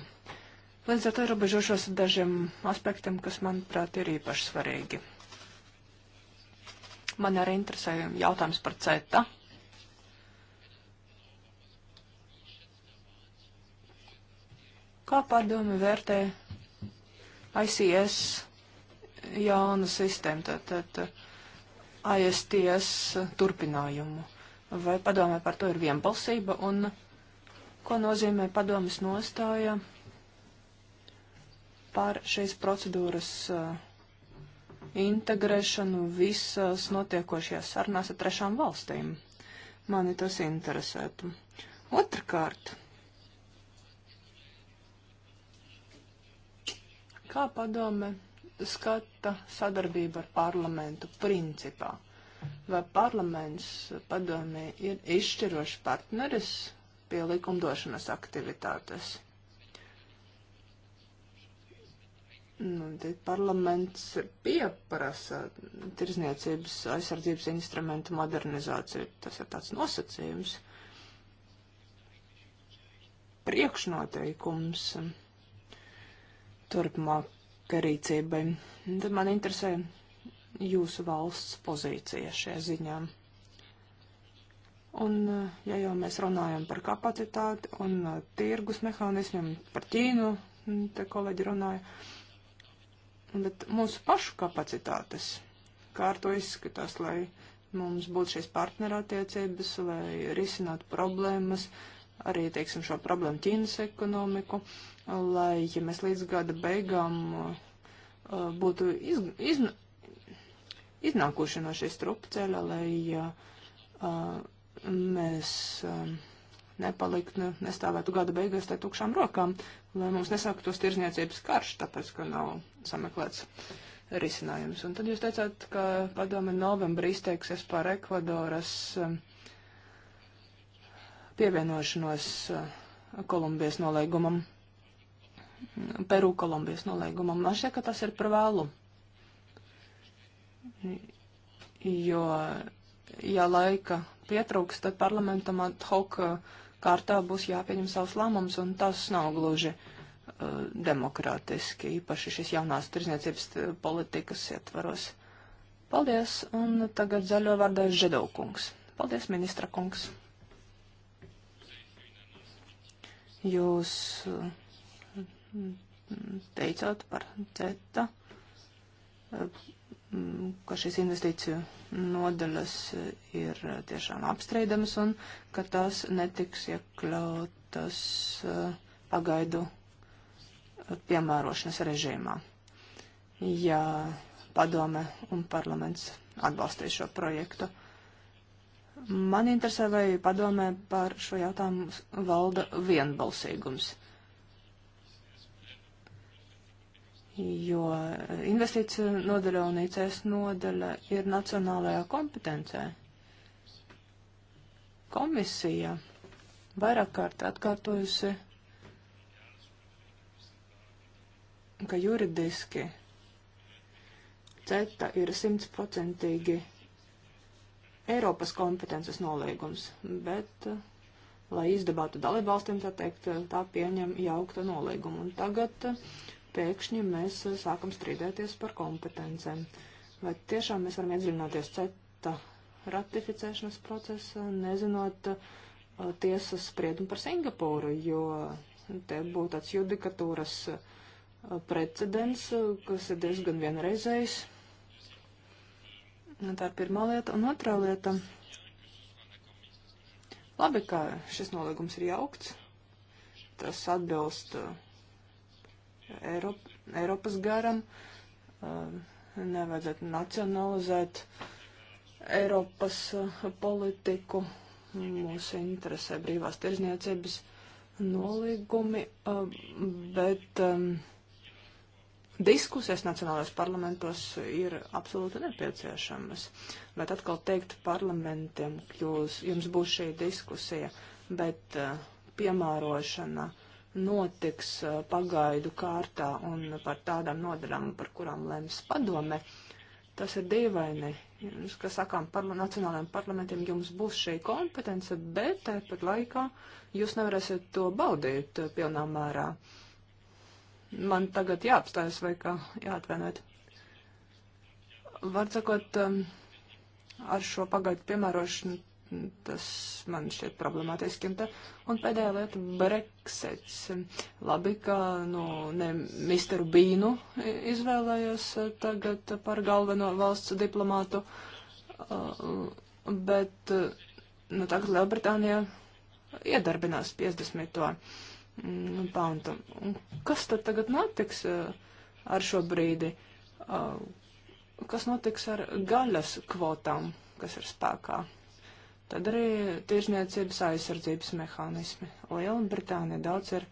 Līdz ar to ierobežošos dažiem aspektiem, kas, manuprāt, ir īpaši svarīgi. Man arī interesē jautājums par CETA. Kā padomi vērtē ICS jaunu sistēmu, tātad tā, tā, ISTS turpinājumu? vai padomē par to ir vienbalsība un ko nozīmē padomas nostāja par šīs procedūras uh, integrēšanu visās notiekošajās sarunās ar trešām valstīm. Mani tas interesētu. Otrakārt, kā padome skata sadarbību ar parlamentu principā? vai parlaments padomē ir izšķirošs partneris pie likumdošanas aktivitātes. Nu, parlaments pieprasa tirzniecības aizsardzības instrumentu modernizāciju. Tas ir tāds nosacījums, priekšnoteikums turpmāk rīcībai. Tad man interesē, jūsu valsts pozīcija šajā ziņā. Un, eh, ja jau mēs runājam par kapacitāti un eh, tirgus mehānismiem, par Ķīnu, mm, te kolēģi runāja, bet mūsu pašu kapacitātes, kā ar to izskatās, lai mums būtu šīs partnerattiecības, lai risinātu problēmas, arī, teiksim, šo problēmu Ķīnas ekonomiku, lai, ja mēs līdz gada beigām eh, būtu iz, iz, iznākuši no šīs trupceļa, lai uh, mēs uh, nepaliktu, ne, nestāvētu gada beigās te tukšām rokām, lai mums nesāktos tirzniecības karš, tāpēc, ka nav sameklēts risinājums. Un tad jūs teicāt, ka padome novembrī izteiksies par Ekvadoras uh, pievienošanos uh, Kolumbijas nolīgumam. Peru Kolumbijas nolīgumam. Man šķiet, ka tas ir par vēlu jo, ja laika pietrūks, tad parlamentam ad hoc uh, kārtā būs jāpieņem savs lēmums, un tas nav gluži uh, demokrātiski, īpaši šis jaunās tirzniecības uh, politikas ietvaros. Paldies, un tagad zaļo vārdā Žedaukungs. Paldies, ministra kungs. Jūs uh, teicāt par CETA ka šīs investīciju nodaļas ir tiešām apstrīdamas un ka tās netiks iekļautas eh, pagaidu eh, piemērošanas režīmā. Ja padome un parlaments atbalstīs šo projektu. Man interesē, vai padomē par šo jautājumu valda vienbalsīgums. jo investīciju nodaļa un ICS nodaļa ir nacionālajā kompetencē. Komisija vairāk kārt atkārtojusi, ka juridiski CETA ir simtprocentīgi Eiropas kompetences nolīgums, bet, lai izdabātu dalībvalstīm, tā teikt, tā pieņem jaukta nolīgumu. Un tagad uh, pēkšņi mēs eh, sākam strīdēties par kompetencēm. Vai tiešām mēs varam iedziļināties CETA ratificēšanas procesā, nezinot eh, tiesas spriedumu par Singapūru, jo te būtu tāds judikatūras eh, precedents, kas ir diezgan vienreizējs. Nu, tā ir pirmā lieta. Un otrā lieta. Labi, ka šis nolīgums ir jaukts. Tas atbilst uh, Eiropa, Eiropas garam. Nevajadzētu nacionalizēt Eiropas politiku. Mūs interesē brīvās tirzniecības nolīgumi, bet diskusijas nacionālajos parlamentos ir absolūti nepieciešamas. Bet atkal teikt parlamentiem, jūs, jums būs šī diskusija, bet piemērošana uh, notiks pagaidu kārtā un par tādām nodarām, par kurām lems padome. Tas ir dīvaini. Jūs, kā sakām, parla nacionālajiem parlamentiem jums būs šī kompetence, bet tāpat laikā jūs nevarēsiet to baudīt pilnā mērā. Man tagad jāapstājas vai kā jāatvainojiet. Var sakot, ar šo pagaidu piemērošanu Tas man šķiet problemātiski. Un, tā, un pēdējā lieta - Brexits. Labi, ka nu, ne misteru Bīnu izvēlējos tagad par galveno valsts diplomātu, uh, bet nu, tagad Lielbritānija iedarbinās 50. Mm, pantu. Un kas tad tagad notiks uh, ar šo brīdi? Uh, kas notiks ar gaļas kvotām, kas ir spēkā? Tad arī tiešniecības aizsardzības mehānismi. Lielbritānija daudz ir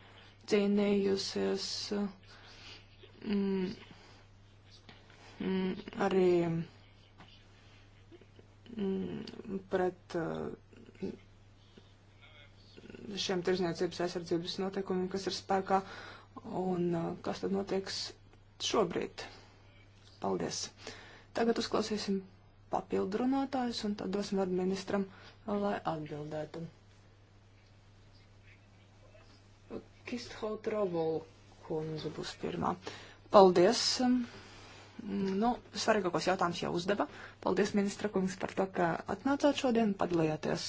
cīnījusies mm, mm, arī mm, pret uh, šiem tiešniecības aizsardzības noteikumiem, kas ir spēkā un uh, kas tad notieks šobrīd. Paldies! Tagad uzklausīsim papildu runātājus, un tad dosim vārdu ministram, lai atbildētu. Kisthaut Rovolu kundze būs pirmā. Paldies! Nu, svarīgākos jautājumus jau uzdeva. Paldies, ministra kungs, par to, ka atnācāt šodien, padalījāties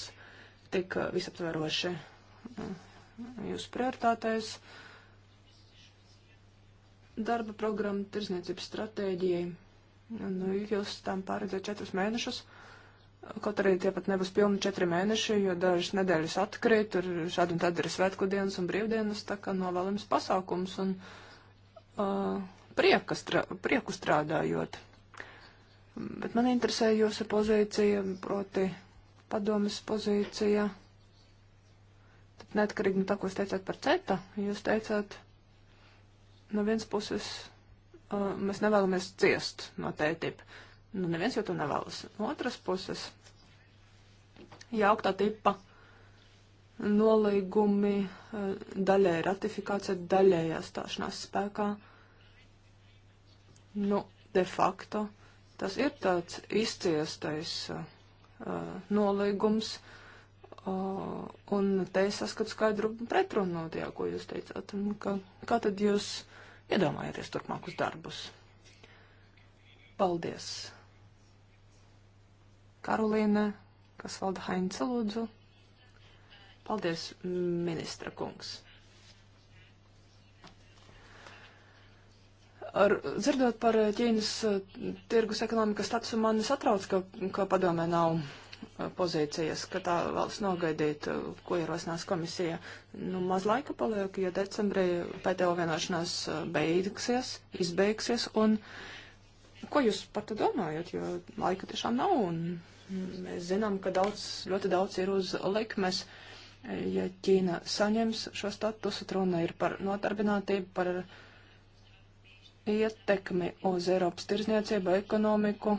tik visaptveroši eh, jūsu prioritātēs, darba programma, tirzniecības stratēģijai. Nu, jūs tam paredzat četrus mēnešus. Kaut arī tie pat nebūs pilni četri mēneši, jo dažas nedēļas atkrīt, tur šādi un tad ir svētku dienas un brīvdienas, tā kā novēlams pasākums un uh, prieka strā, prieku strādājot. Bet man interesē jūsu pozīcija, proti padomas pozīcija. Tad neatkarīgi no tā, ko jūs teicāt par CETA, jūs teicāt, no vienas puses Uh, mēs nevēlamies ciest no tētipa. Nu, neviens jau to nevēlas. No otras puses, jauktā tipa nolīgumi uh, daļai ratifikācija, daļai stāšanās spēkā. Nu, de facto tas ir tāds izciestais uh, nolīgums, uh, un te es saskatu skaidru pretrunu no tajā, ko jūs teicāt. Un ka, kā tad jūs Iedomājieties turpmākus darbus. Paldies! Karolīne, kas valda Haince lūdzu. Paldies, ministra kungs. Ar, dzirdot par Ķīnas eh, tirgus ekonomikas statusu, mani satrauc, ka, ka padomē nav Uh, pozīcijas, ka tā valsts nogaidīt, uh, ko ierosinās komisija. Nu, maz laika paliek, jo decembrī PTO vienošanās uh, beigsies, izbeigsies, un ko jūs par to domājat, jo laika tiešām nav, un mēs zinām, ka daudz, ļoti daudz ir uz likmes, ja Ķīna saņems šo statusu, runa ir par notarbinātību, par ietekmi uz Eiropas tirzniecību, ekonomiku,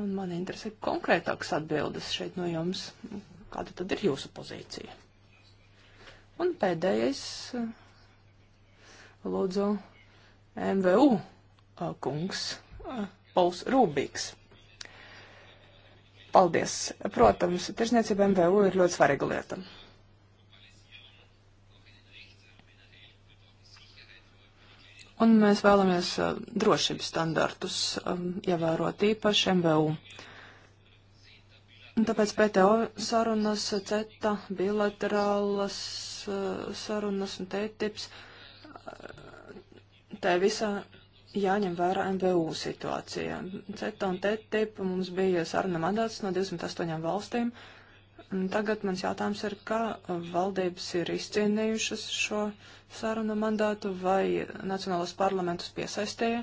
Un man interesē konkrētākas atbildes šeit no jums. Kāda tad ir jūsu pozīcija? Un pēdējais eh, lūdzu MVU eh, kungs eh, Pols Rūbīgs. Paldies. Protams, tirsniecība MVU ir ļoti svarīga lieta. Un mēs vēlamies uh, drošības standartus um, ievērot īpaši MVU. Un tāpēc PTO sarunas, CETA, bilaterālas uh, sarunas un tētips, uh, tā visā jāņem vērā MVU situācija. CETA un tētipa mums bija saruna mandāts no 28 valstīm. Uh, Tagad mans jautājums ir, kā valdības ir izcīnījušas šo sarunu mandātu, vai nacionālos parlamentus piesaistīja,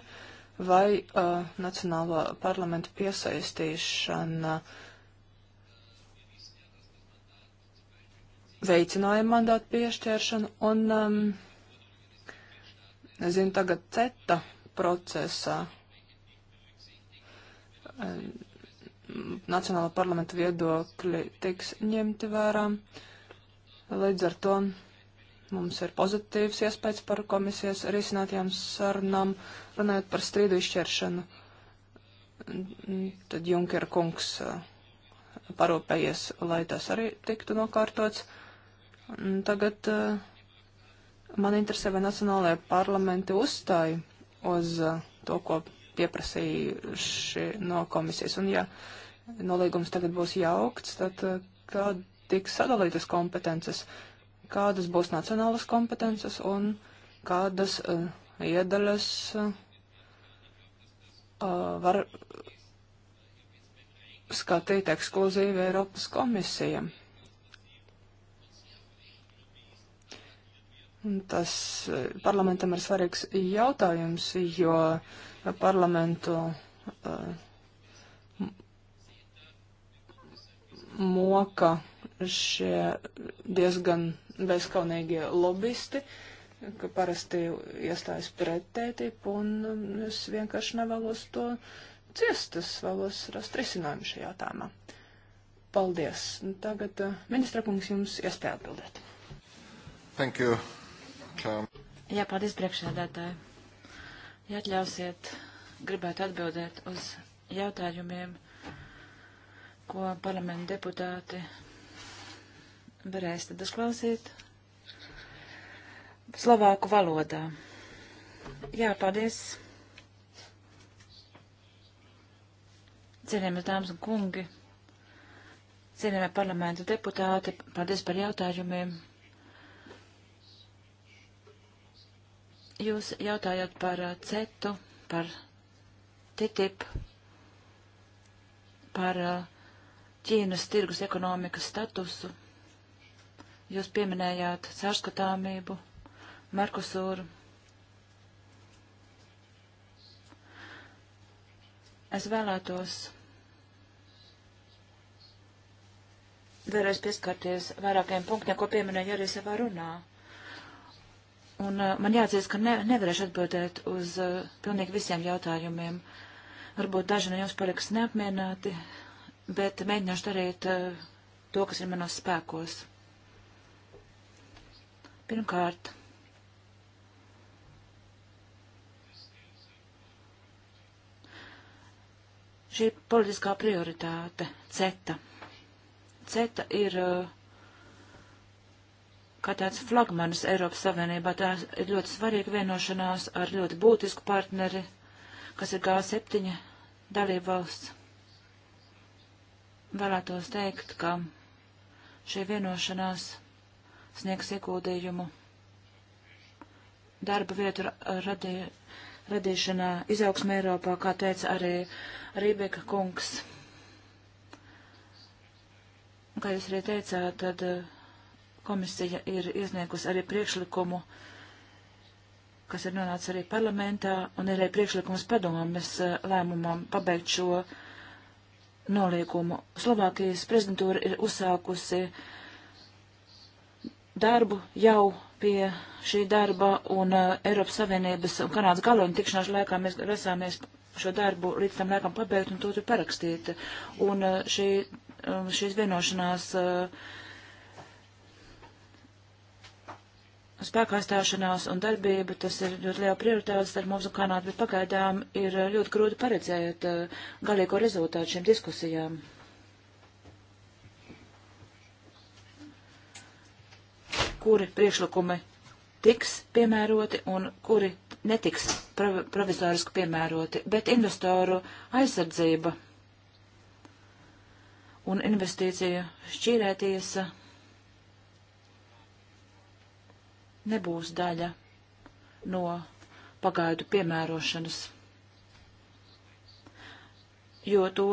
vai uh, nacionālo parlamentu piesaistīšana veicināja mandātu piešķēršanu, un um, es zinu, tagad CETA procesā. Um, Nacionāla parlamenta viedokļi tiks ņemti vērā. Līdz ar to mums ir pozitīvs iespējas par komisijas risinātajām sarunām, runājot par strīdu izšķiršanu. Tad Junker kungs eh, parūpējies, lai tas arī tiktu nokārtots. Tagad eh, man interesē, vai nacionālajie parlamenti uzstāja uz eh, to, ko pieprasījuši no komisijas. Un, ja nolīgums tagad būs jaukts, tad eh, kā tiks sadalītas kompetences, kādas būs nacionālas kompetences un kādas uh, iedaļas uh, var skatīt ekskluzīvi Eiropas komisija. Tas parlamentam ir svarīgs jautājums, jo parlamentu uh, moka šie diezgan bezkaunīgie lobbysti, ka parasti iestājas pretētību, un um, es vienkārši nevēlos to ciest, es vēlos rast risinājumu šajā tāmā. Paldies. Tagad, uh, ministra kungs, jums iespēja atbildēt. Thank you. Čau. Jā, paldies priekšsēdētāji. Ja atļausiet, gribētu atbildēt uz jautājumiem ko parlamenta deputāti varēs tad uzklausīt slovāku valodā. Jā, paldies. Cienījamas dāmas un kungi, cienījamie parlamentu deputāti, paldies par jautājumiem. Jūs jautājat par uh, CETU, par TTIP, par uh, Ķīnas tirgus ekonomikas statusu. Jūs pieminējāt sārskatāmību, Merkusūru. Es vēlētos vēlreiz pieskarties vairākiem punktiem, ko pieminēju arī savā runā. Un uh, man jāatzīst, ka ne, nevarēšu atbildēt uz uh, pilnīgi visiem jautājumiem. Varbūt daži no jums paliks neapmierināti, bet mēģināšu darīt eh, to, kas ir manos spēkos. Pirmkārt, šī politiskā prioritāte - CETA. CETA ir eh, kā tāds flagmanis Eiropas Savienībā. Tā ir ļoti svarīga vienošanās ar ļoti būtisku partneri, kas ir G7 dalībvalsts. Vēlētos teikt, ka šī vienošanās sniegs iekūdījumu darba vietu radī, radīšanā izaugsmē Eiropā, kā teica arī Rībeka kungs. Kā jūs arī teicāt, tad eh, komisija ir iesniegus arī priekšlikumu, kas ir nonācis arī parlamentā, un ir arī priekšlikums padomas eh, lēmumam pabeigt šo noliekumu. Slovākijas prezidentūra ir uzsākusi darbu jau pie šī darba, un uh, Eiropas Savienības un Kanādas galvenu tikšanās laikā mēs grasāmies šo darbu līdz tam laikam pabeigt un to tur parakstīt. Un uh, šī, uh, šīs vienošanās uh, spēkā stāšanās un darbība, tas ir ļoti liela prioritāte starp mums un Kanādu, bet pagaidām ir eh, ļoti grūti paredzēt eh, galīgo rezultātu šīm diskusijām. Kuri priekšlikumi tiks piemēroti un kuri netiks provizoriski piemēroti, bet investoru aizsardzība un investīcija šķīrētiesa nebūs daļa no pagaidu piemērošanas, jo to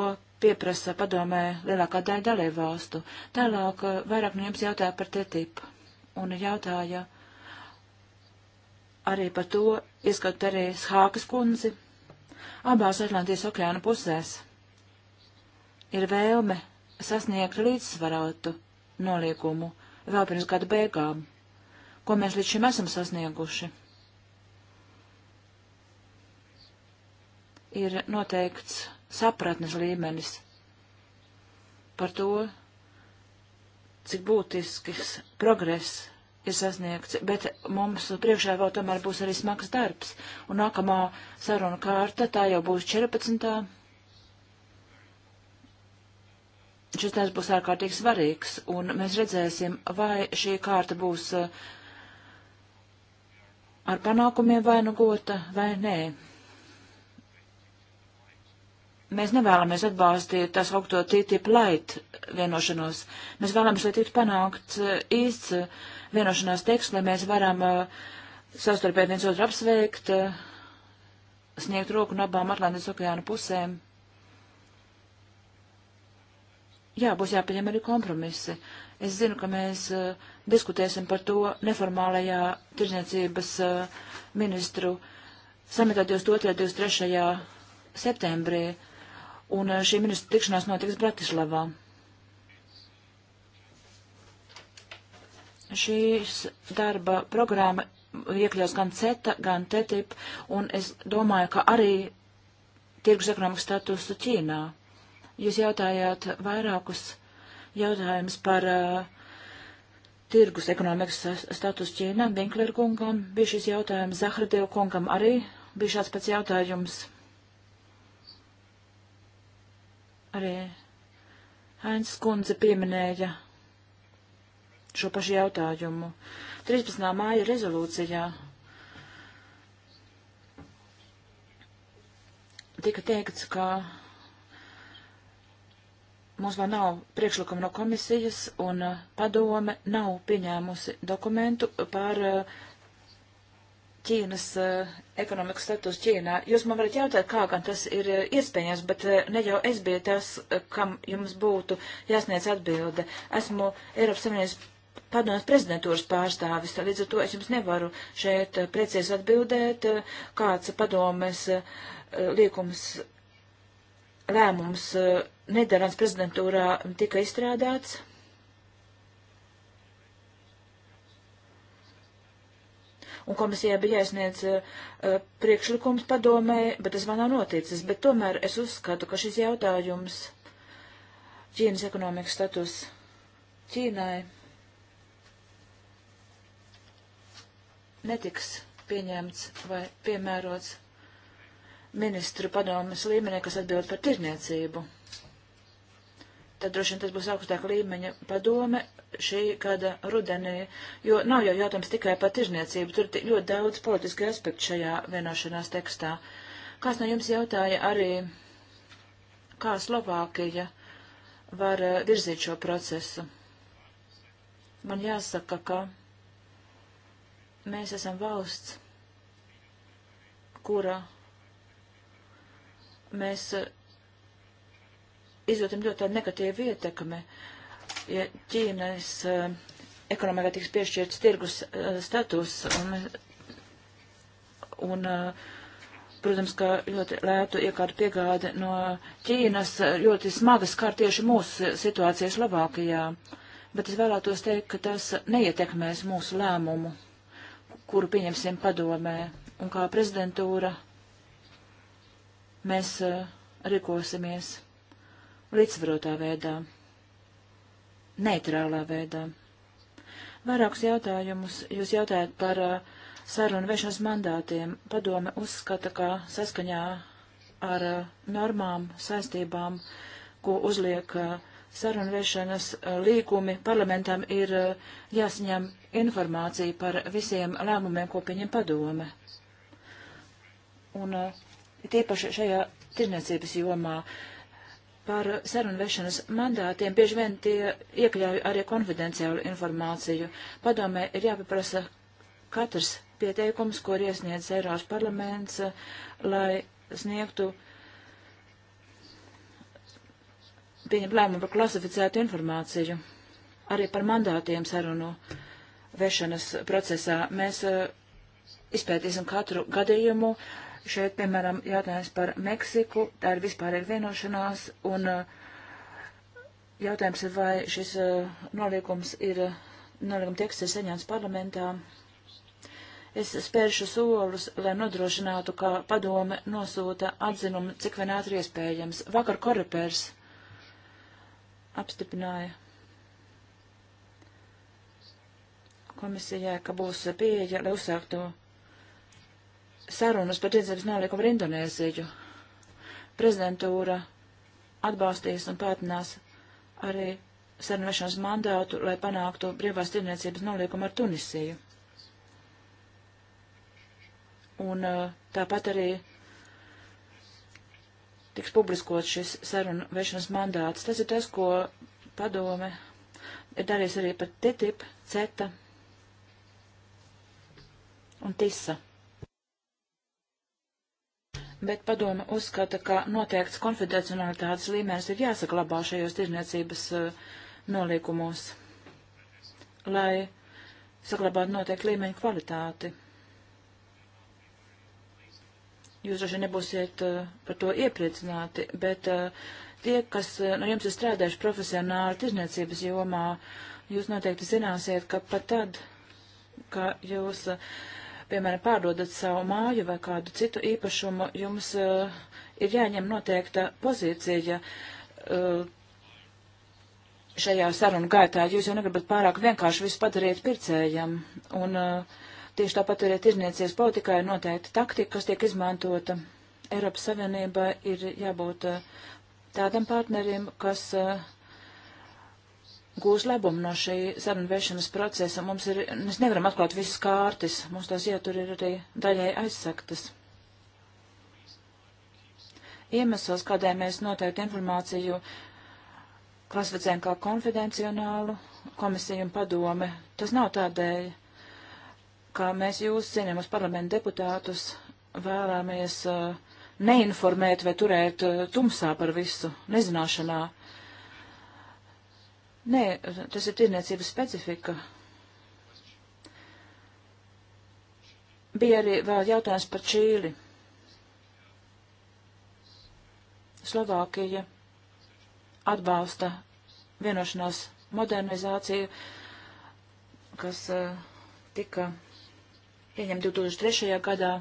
pieprasa padomē lielākā daļa dalībvalstu. Tālāk eh, vairāk no jums jautāja par TTIP un jautāja arī par to, ieskat arī Hākas kundzi, abās Atlantijas okeāna pusēs ir vēlme sasniegt līdzsvarotu noliekumu vēl pirms gada beigām ko mēs līdz šim esam sasnieguši. Ir noteikts sapratnes līmenis par to, cik būtisks progress ir sasniegts, bet mums priekšā vēl tomēr būs arī smags darbs. Un nākamā saruna kārta, tā jau būs 14. Šis tās būs ārkārtīgi svarīgs, un mēs redzēsim, vai šī kārta būs uh, ar panākumiem vai nu gota vai nē. Mēs nevēlamies atbalstīt tās augto TTIP light vienošanos. Mēs vēlamies, lai tiktu panākts e, īsts e, vienošanās teksts, lai mēs varam e, savstarpēji viens otru apsveikt, sniegt roku no abām Atlantijas okeāna pusēm jā, būs jāpieņem arī kompromisi. Es zinu, ka mēs uh, diskutēsim par to neformālajā tirzniecības uh, ministru samitā 22. 23. septembrī, un uh, šī ministru tikšanās notiks Bratislavā. Šīs darba programma iekļaus gan CETA, gan TTIP, un es domāju, ka arī tirgus ekonomikas statusu Ķīnā. Jūs jautājāt vairākus jautājumus par uh, tirgus ekonomikas status Ķīnā, Vinkler kungam, bija šis jautājums, Zahradēl kungam arī bija šāds pats jautājums. Arī Hainz kundze pieminēja šo pašu jautājumu. 13. māja rezolūcijā tika teikts, ka Mums vēl nav priekšlikuma no komisijas, un uh, padome nav pieņēmusi dokumentu par uh, Ķīnas uh, ekonomikas status Ķīnā. Jūs man varat jautāt, kā gan tas ir iespējams, bet ne jau es biju tas, kam jums būtu jāsniedz atbilde. Esmu Eiropas Savienības padomas prezidentūras pārstāvis, līdz ar to es jums nevaru šeit precies atbildēt, kāds padomes liekums lēmums eh, Nederlandes prezidentūrā tika izstrādāts. Un komisijai bija jāizniedz eh, priekšlikums padomē, bet tas vēl nav noticis. Bet tomēr es uzskatu, ka šis jautājums Ķīnas ekonomikas status Ķīnai netiks pieņemts vai piemērots ministru padomas līmenī, kas atbild par tirniecību. Tad droši vien tas būs augstāka līmeņa padome šī gada rudenī, jo nav jau jautājums tikai par tirniecību, tur ir ļoti daudz politiski aspektu šajā vienošanās tekstā. Kāds no jums jautāja arī, kā Slovākija var eh, virzīt šo procesu? Man jāsaka, ka mēs esam valsts, kura mēs eh, izjūtam ļoti tādu negatīvu ietekmi, ja Ķīnas eh, ekonomikā tiks piešķirts tirgus eh, status un, un protams, ka ļoti lētu iekārtu piegāde no Ķīnas ļoti smaga skar tieši mūsu situāciju Slovākijā, bet es vēlētos teikt, ka tas neietekmēs mūsu lēmumu, kuru pieņemsim padomē, un kā prezidentūra mēs eh, rīkosimies līdzsvarotā veidā, neitrālā veidā. Vairākus jautājumus jūs jautājat par eh, sarunu vešanas mandātiem. Padome uzskata, ka saskaņā ar eh, normām, saistībām, ko uzliek sarunvešanas līgumi, parlamentam ir jāsaņem informācija par visiem lēmumiem, ko pieņem padome. Un uh, tīpaši šajā tirniecības jomā. Par sarunu vešanas mandātiem bieži vien tie iekļauj arī konfidenciālu informāciju. Padomē ir jāpaprasa katrs pieteikums, ko ir iesniedz Eiropas parlaments, lai sniegtu pieņemt lēmumu par klasificētu informāciju. Arī par mandātiem sarunu vešanas procesā mēs uh, izpētīsim katru gadījumu, uh, Šeit, piemēram, jautājums par Meksiku, tā ir vispārīga vienošanās, un eh, jautājums ir, vai šis eh, noliekums ir, eh, noliekuma teksts ir saņemts parlamentā. Es spēršu solus, lai nodrošinātu, ka padome nosūta atzinumu, cik vien ātri iespējams. Vakar korepērs apstiprināja komisijai, ka būs pieeja, lai uzsāktu sarunas par tirdzniecības nolīgumu ar Indonēziju. Prezidentūra atbalstīs un pētinās arī sarunvešanas mandātu, lai panāktu brīvās tirdzniecības nolīgumu ar Tunisiju. Un uh, tāpat arī tiks publiskot šis sarunu vešanas mandāts. Tas ir tas, ko padome ir darījis arī par TTIP, CETA un TISA bet padoma uzskata, ka noteikts konfidencionalitātes līmenis ir jāsaglabā šajos tirniecības uh, eh, nolīkumos, lai saglabātu noteiktu līmeņu kvalitāti. Jūs droši nebūsiet uh, par to iepriecināti, bet uh, tie, kas no jums ir strādājuši profesionāli tirniecības jomā, jūs noteikti zināsiet, ka pat tad, ka jūs uh, piemēram, pārdodat savu māju vai kādu citu īpašumu, jums uh, ir jāņem noteikta pozīcija uh, šajā sarunu gaitā. Jūs jau negribat pārāk vienkārši visu padarīt pircējam. Un uh, tieši tāpat arī tirniecības politikā ir noteikta taktika, kas tiek izmantota. Eiropas Savienībai ir jābūt tādam partnerim, kas uh, gūs labumu no šī sarunvešanas procesa. Mums ir, mēs nevaram atklāt visas kārtas, mums tās ietur ir arī daļai aizsaktas. Iemesls, kādēļ mēs noteikti informāciju klasificējam kā konfidencionālu komisiju un padome, tas nav tādēļ, ka mēs jūs, cienījumus parlamentu deputātus, vēlamies uh, neinformēt vai turēt uh, tumsā par visu nezināšanā Nē, tas ir tirniecības specifika. Bija arī vēl jautājums par Čīli. Slovākija atbalsta vienošanās modernizāciju, kas uh, tika pieņemta 2003. gadā.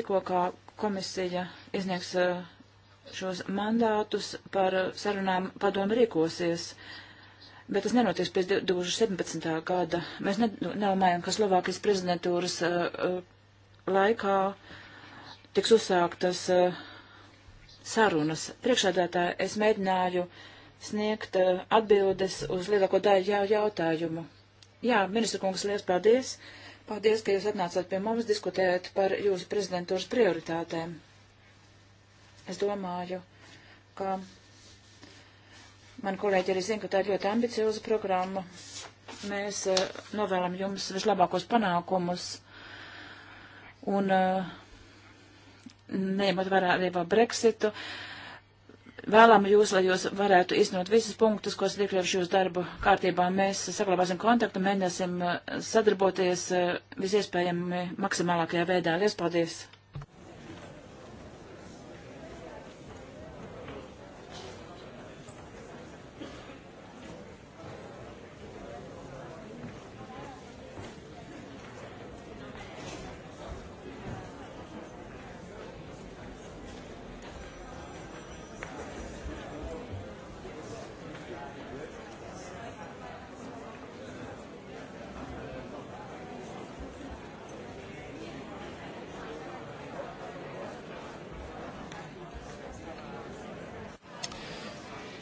Tikko kā komisija izniegs uh, eh, šos mandātus par sarunām padomu rīkosies, bet tas nenotiks pēc 2017. gada. Mēs nu, nedomājam, ka Slovākijas prezidentūras uh, uh, laikā tiks uzsāktas uh, sarunas. Priekšādātāji es mēģināju sniegt uh, atbildes uz lielāko daļu jā, jautājumu. Jā, ministra kungs, liels paldies! Paldies, ka jūs atnācāt pie mums diskutēt par jūsu prezidentūras prioritātēm. Es domāju, ka man kolēģi arī zina, ka tā ir ļoti ambicioza programma. Mēs uh, novēlam jums vislabākos panākumus un uh, neņemot vērā arī vēl Brexitu. Vēlam jūs, lai jūs varētu iznot visus punktus, ko esat iekļaujuši jūsu darbu kārtībā. Mēs saglabāsim kontaktu, mēģināsim eh, sadarboties uh, visiespējami maksimālākajā veidā. Lies paldies!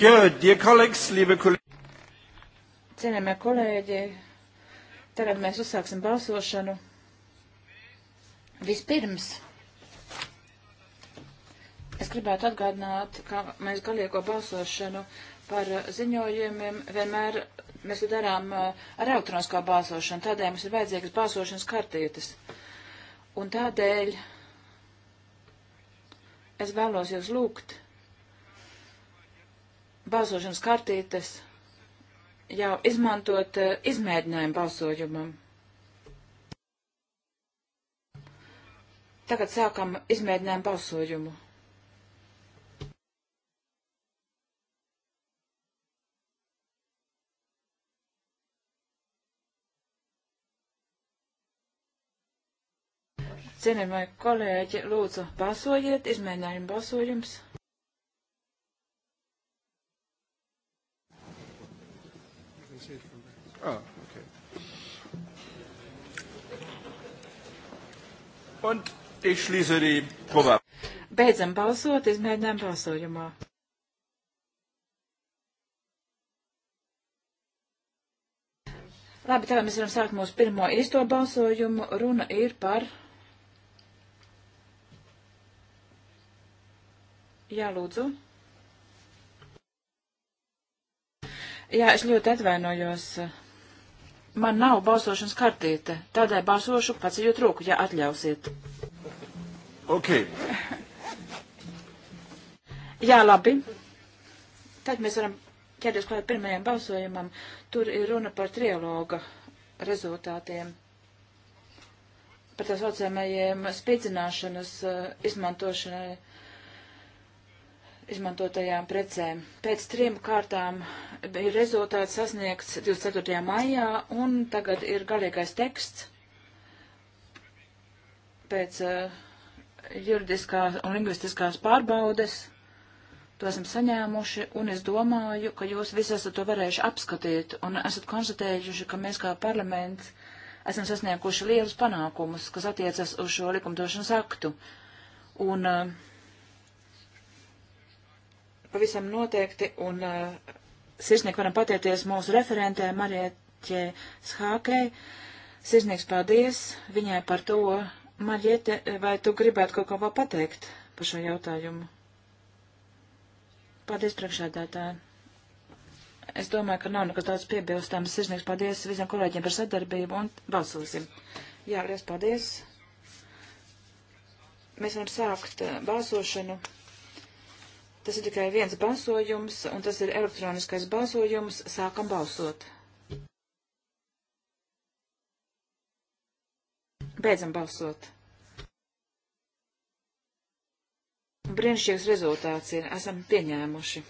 Good, dear colleagues, liebe kolēģi. Cienējamie kolēģi, tagad mēs uzsāksim balsošanu. Vispirms es gribētu atgādināt, ka mēs galīgo balsošanu par ziņojumiem vienmēr mēs to darām eh, ar elektroniskā balsošanu, tādēļ mums ir vajadzīgas balsošanas kartītes. Un tādēļ es vēlos jūs lūgt balsošanas kartītes jau izmantot eh, izmēģinājumu balsojumam. Tagad sākam izmēģinājumu balsojumu. Cienījamie kolēģi, lūdzu, balsojiet, izmēģinājumu balsojums. Ah, okay. Und ich schließe die Probe. Beidzam balsot, izmēģinām balsojumā. Labi, tagad mēs varam sākt mūsu pirmo īsto balsojumu. Runa ir par. Jā, lūdzu. Jā, es ļoti atvainojos. Uh, Man nav balsošanas kartīte, tādēļ balsošu paceļot roku, ja atļausiet. Ok. Jā, labi. Tad mēs varam ķerties klāt pirmajam balsojumam. Tur ir runa par trialoga rezultātiem. Par tā saucamajiem spīdzināšanas eh, izmantošanai izmantotajām precēm. Pēc trim kārtām ir rezultāts sasniegts 24. maijā, un tagad ir galīgais teksts pēc uh, juridiskās un lingvistiskās pārbaudes. To esam saņēmuši, un es domāju, ka jūs visi esat to varējuši apskatīt, un esat konstatējuši, ka mēs kā parlaments esam sasnieguši lielus panākumus, kas attiecas uz šo likumdošanas aktu. Un uh, pavisam noteikti, un uh, eh, sirsnieki varam pateikties mūsu referentē Marieķē Schākei. Sirsnieks paldies viņai par to. Mariete, vai tu gribētu kaut ko vēl pateikt par šo jautājumu? Paldies, priekšādātāji. Es domāju, ka nav nekas daudz piebilstams. Sirsnieks paldies visiem kolēģiem par sadarbību un balsosim. Jā, liels paldies. Mēs varam sākt eh, balsošanu. Tas ir tikai viens balsojums, un tas ir elektroniskais balsojums. Sākam balsot. Beidzam balsot. Brīnišķīgs rezultāts ir. Esam pieņēmuši.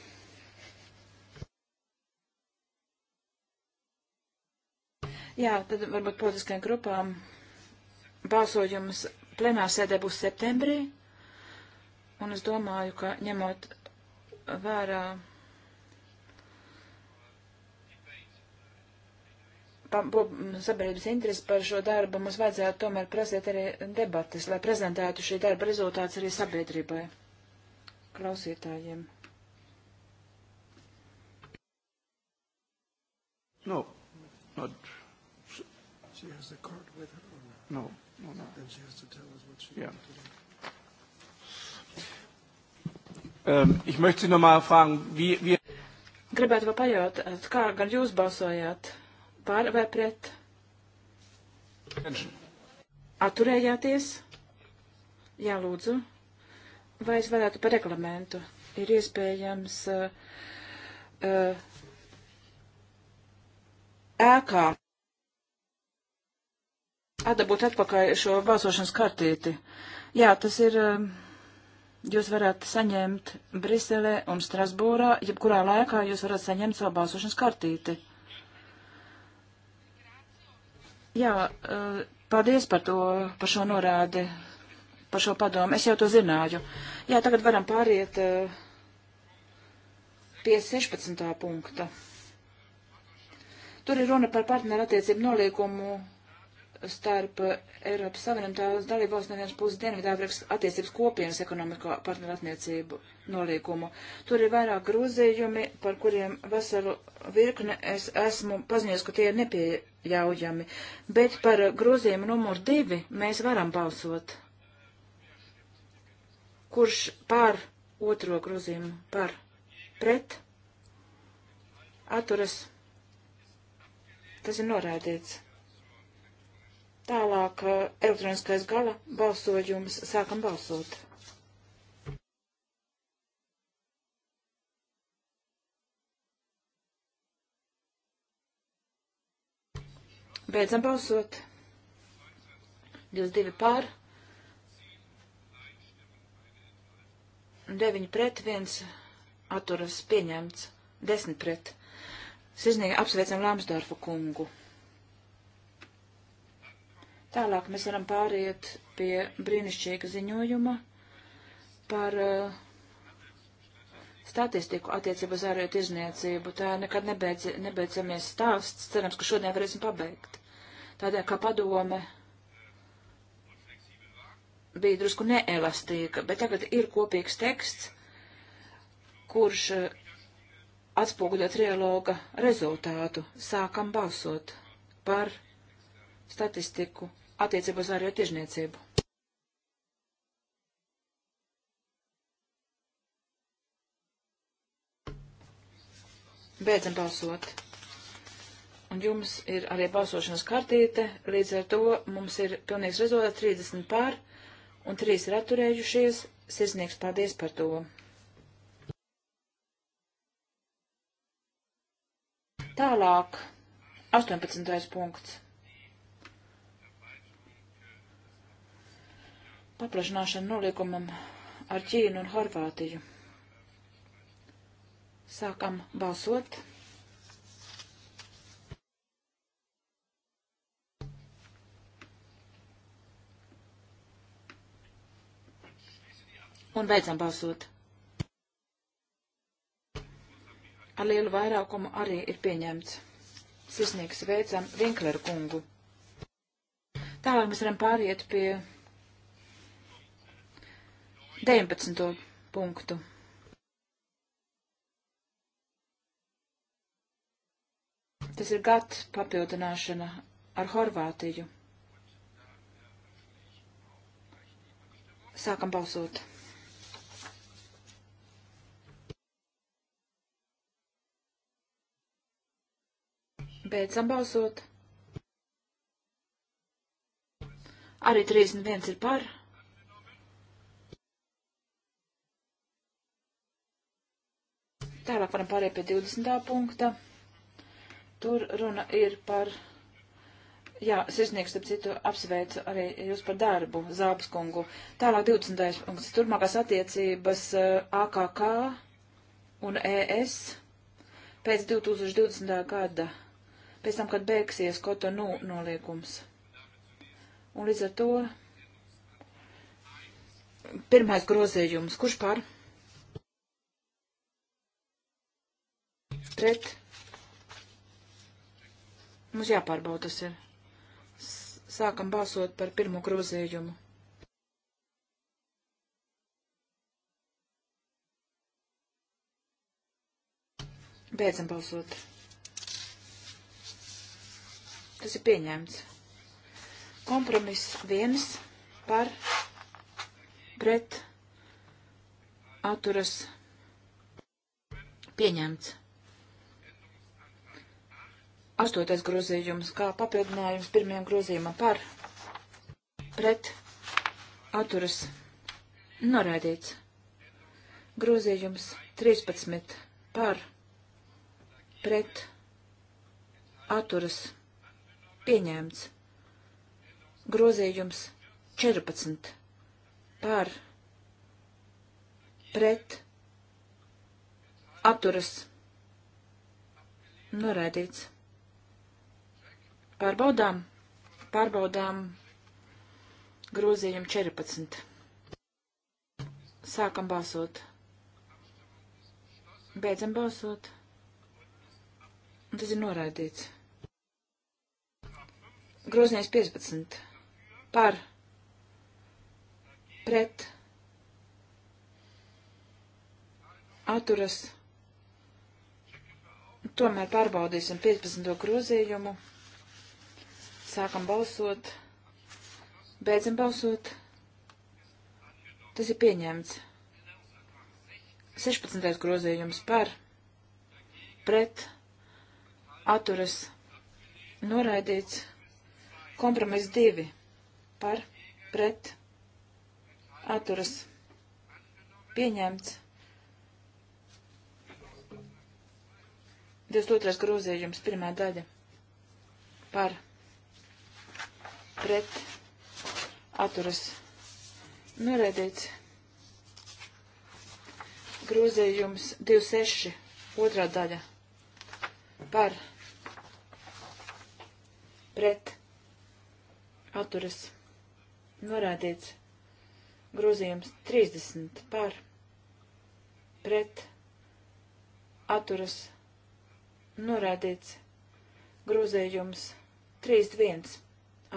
Jā, tad varbūt politiskajām grupām balsojums plenārsēdē būs septembrī. Un es domāju, ka ņemot vērā sabiedrības interesi par šo darbu, mums vajadzētu tomēr prasīt arī debatas, lai prezentētu šī darba rezultāts arī sabiedrībai, klausītājiem. No, not. She has the card with her or not? No, no, no. Then she has to tell us what she yeah. wanted. Um, ich möchte Sie nochmal fragen, wie, wie... Gribētu vēl pajautāt, kā gan jūs balsojāt? Pār vai pret? Atturējāties? Jā, lūdzu. Vai es varētu par reglamentu? Ir iespējams uh, uh, ēkā atdabūt atpakaļ šo balsošanas kartīti. Jā, tas ir. Uh, jūs varat saņemt Briselē un Strasbūrā, jebkurā laikā jūs varat saņemt savu balsošanas kartīti. Jā, eh, paldies par to, par šo norādi, par šo padomu. Es jau to zināju. Jā, tagad varam pāriet eh, pie 16. punkta. Tur ir runa par partnerattiecību nolīgumu starp Eiropas Savienību tās dalībvalsts neviens puses Dienvidāfrikas attiecības kopienas ekonomiko partneru attiecību nolīkumu. Tur ir vairāk grozījumi, par kuriem veselu virkni es esmu paziņojis, ka tie ir nepieļaujami, bet par grozījumu numur divi mēs varam balsot. Kurš pār otro grozījumu par pret atturas? Tas ir norādīts. Tālāk eh, elektroniskais gala balsojums. Sākam balsot. Beidzam balsot. 22 pār. 9 pret, 1 atturas pieņemts, 10 pret. Sirsnīgi apsveicam Lāmsdorfa kungu. Tālāk mēs varam pāriet pie brīnišķīga ziņojuma par uh, statistiku attiecībā uz ārējo tirzniecību. Tā nekad nebeidz, nebeidzamies stāsts. Cerams, ka šodien varēsim pabeigt. Tādēļ, kā padome bija drusku neelastīga, bet tagad ir kopīgs teksts, kurš eh, atspoguļo trialoga rezultātu. Sākam balsot par statistiku attiecībā uz ārējo tirzniecību. Beidzam balsot. Un jums ir arī balsošanas kartīte, līdz ar to mums ir pilnīgs rezultāts 30 pār, un 3 ir atturējušies. Sirsnieks paldies par to. Tālāk, 18. punkts. paplašināšanu noliekumam ar Ķīnu un Horvātiju. Sākam balsot. un beidzam balsot. Ar lielu vairākumu arī ir pieņemts. Sirsnīgi sveicam Vinkleru kungu. Tālāk mēs varam pāriet pie 19. punktu. Tas ir gads papildināšana ar Horvātiju. Sākam balsot. Beidzam balsot. Arī 31 ir par, Tālāk varam pārēt pie 20. punkta. Tur runa ir par, jā, sirsnieks, ap citu, apsveicu arī jūs par darbu, Zābas kungu. Tālāk 20. punkts. Turmākās attiecības eh, AKK un ES pēc 2020. gada, pēc tam, kad beigsies Kotonu noliekums. Un līdz ar to pirmais grozījums, kurš par? pret. Mums jāpārbauda tas ir. Sākam balsot par pirmo grozījumu. Beidzam balsot. Tas ir pieņemts. Kompromiss viens par pret atturas pieņemts. Astotais grozījums kā papildinājums pirmajam grozījumam par pret atturas noraidīts. Grozījums 13 par pret atturas pieņēmts. Grozījums 14 par pret atturas noraidīts. Pārbaudām, pārbaudām grozījumu 14. Sākam balsot. Beidzam balsot. Un tas ir noraidīts. Grozījums 15. Par. Pret. Atturas. Tomēr pārbaudīsim 15. grozījumu. Sākam balsot. Beidzam balsot. Tas ir pieņemts. 16. grozījums par pret atturas noraidīts. Kompromiss 2 par pret atturas pieņemts. 22. grozījums, pirmā daļa par pret pret atturas norēdīts grozījums 26, otrā daļa par pret atturas norēdīts grozījums 30 par pret atturas norēdīts grozījums 31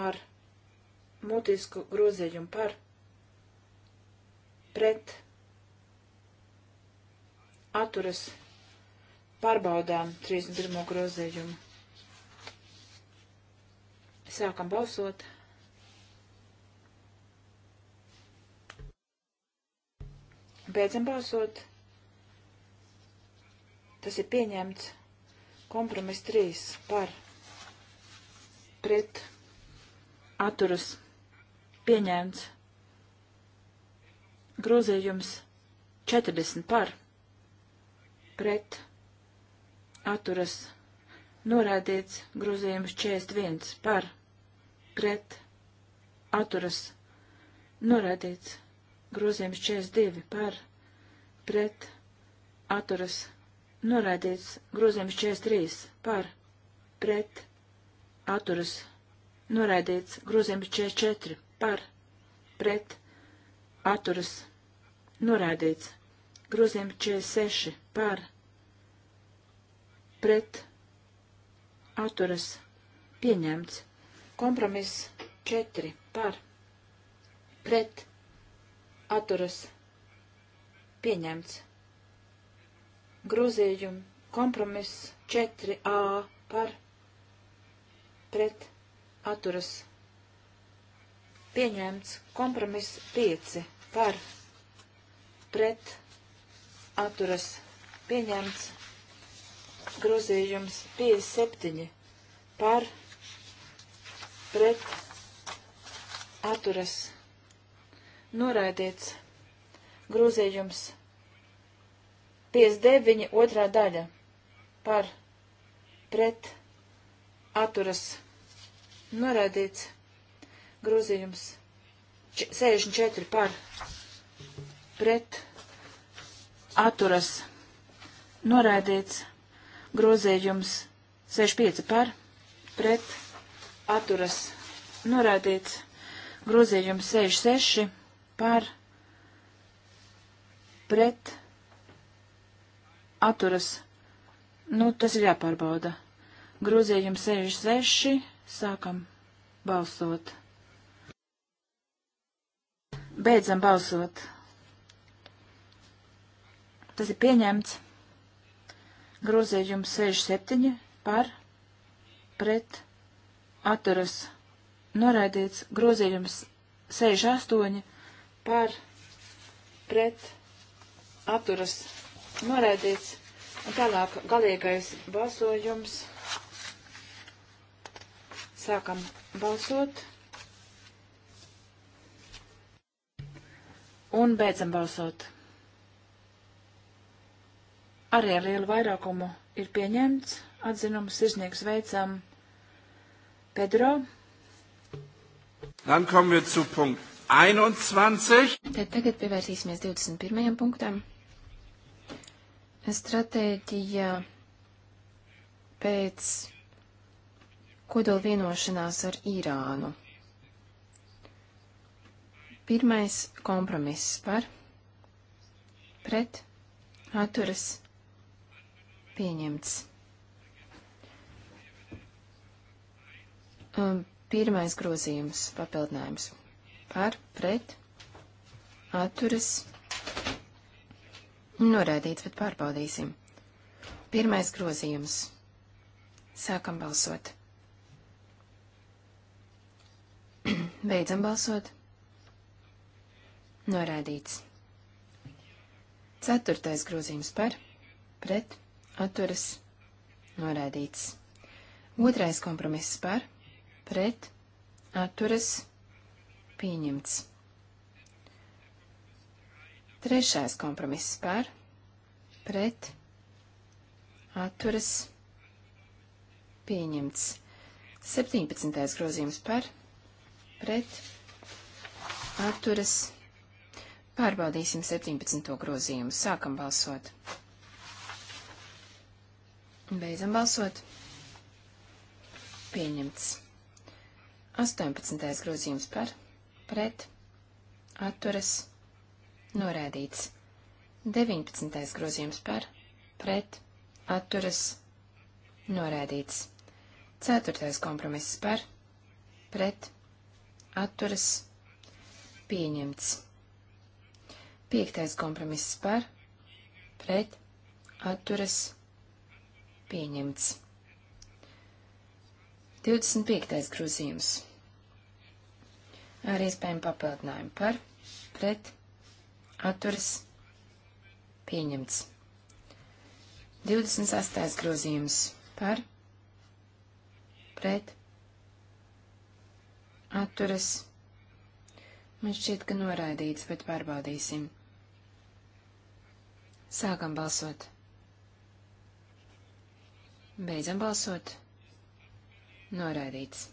ar pret mutisku grozījumu par pret atturas pārbaudām 31. grozījumu. Sākam balsot. Beidzam balsot. Tas ir pieņemts. Kompromis 3 par pret atturas pieņemts. Grozījums 40 par, pret, atturas, noraidīts. Grozījums 41 par, pret, atturas, noraidīts. Grozījums 42 par, pret, atturas, noraidīts. Grozījums 43 par, pret, atturas, noraidīts. Grozījums 44 par pret atturas norādīts. Grozījums 46 par pret atturas pieņemts. Kompromiss 4 par pret atturas pieņemts. Grozījums kompromiss 4a par pret atturas pieņemts pieņemts kompromiss 5 par pret atturas pieņemts grozījums 57 par pret atturas noraidīts grozījums 59 otrā daļa par pret atturas noraidīts grozījums 64 par pret atturas noraidīts grozījums 65 par pret atturas noraidīts grozījums 66 par pret atturas. Nu, tas ir jāpārbauda. Grozījums 66 sākam balsot. Beidzam balsot. Tas ir pieņemts. Grozījums 67 par pret atturas. Noraidīts grozījums 68 par pret atturas. Noraidīts. Un tālāk galīgais balsojums. Sākam balsot. Un beidzam balsot. Arī ar lielu vairākumu ir pieņemts atzinums sirsnieks veicam Pedro. Dann kommen wir zu Punkt 21. Tad tagad pievērsīsimies 21. punktam. Stratēģija pēc kodola vienošanās ar Irānu. Pirmais kompromiss par pret atturas pieņemts. Um, pirmais grozījums papildinājums par pret atturas norādīts, bet pārbaudīsim. Pirmais grozījums. Sākam balsot. [clears throat] Beidzam balsot. Norādīts. Ceturtais grozījums par, pret, atturas, norādīts. Otrais kompromiss par, pret, atturas, pieņemts. Trešais kompromiss par, pret, atturas, pieņemts. 17. grozījums par, pret, atturas, pieņemts Pārbaudīsim 17. grozījumu. Sākam balsot. Beidzam balsot. Pieņemts. 18. grozījums par, pret, atturas, norēdīts. 19. grozījums par, pret, atturas, norēdīts. 4. kompromiss par, pret, atturas, pieņemts. Piektais kompromiss par, pret, atturas, pieņemts. 25. grozījums. Ar iespējām papildinājumu par, pret, atturas, pieņemts. 28. grozījums par, pret, atturas, man šķiet, ka noraidīts, bet pārbaudīsim. 29. Sākam balsot. Beidzam balsot. Noraidīts.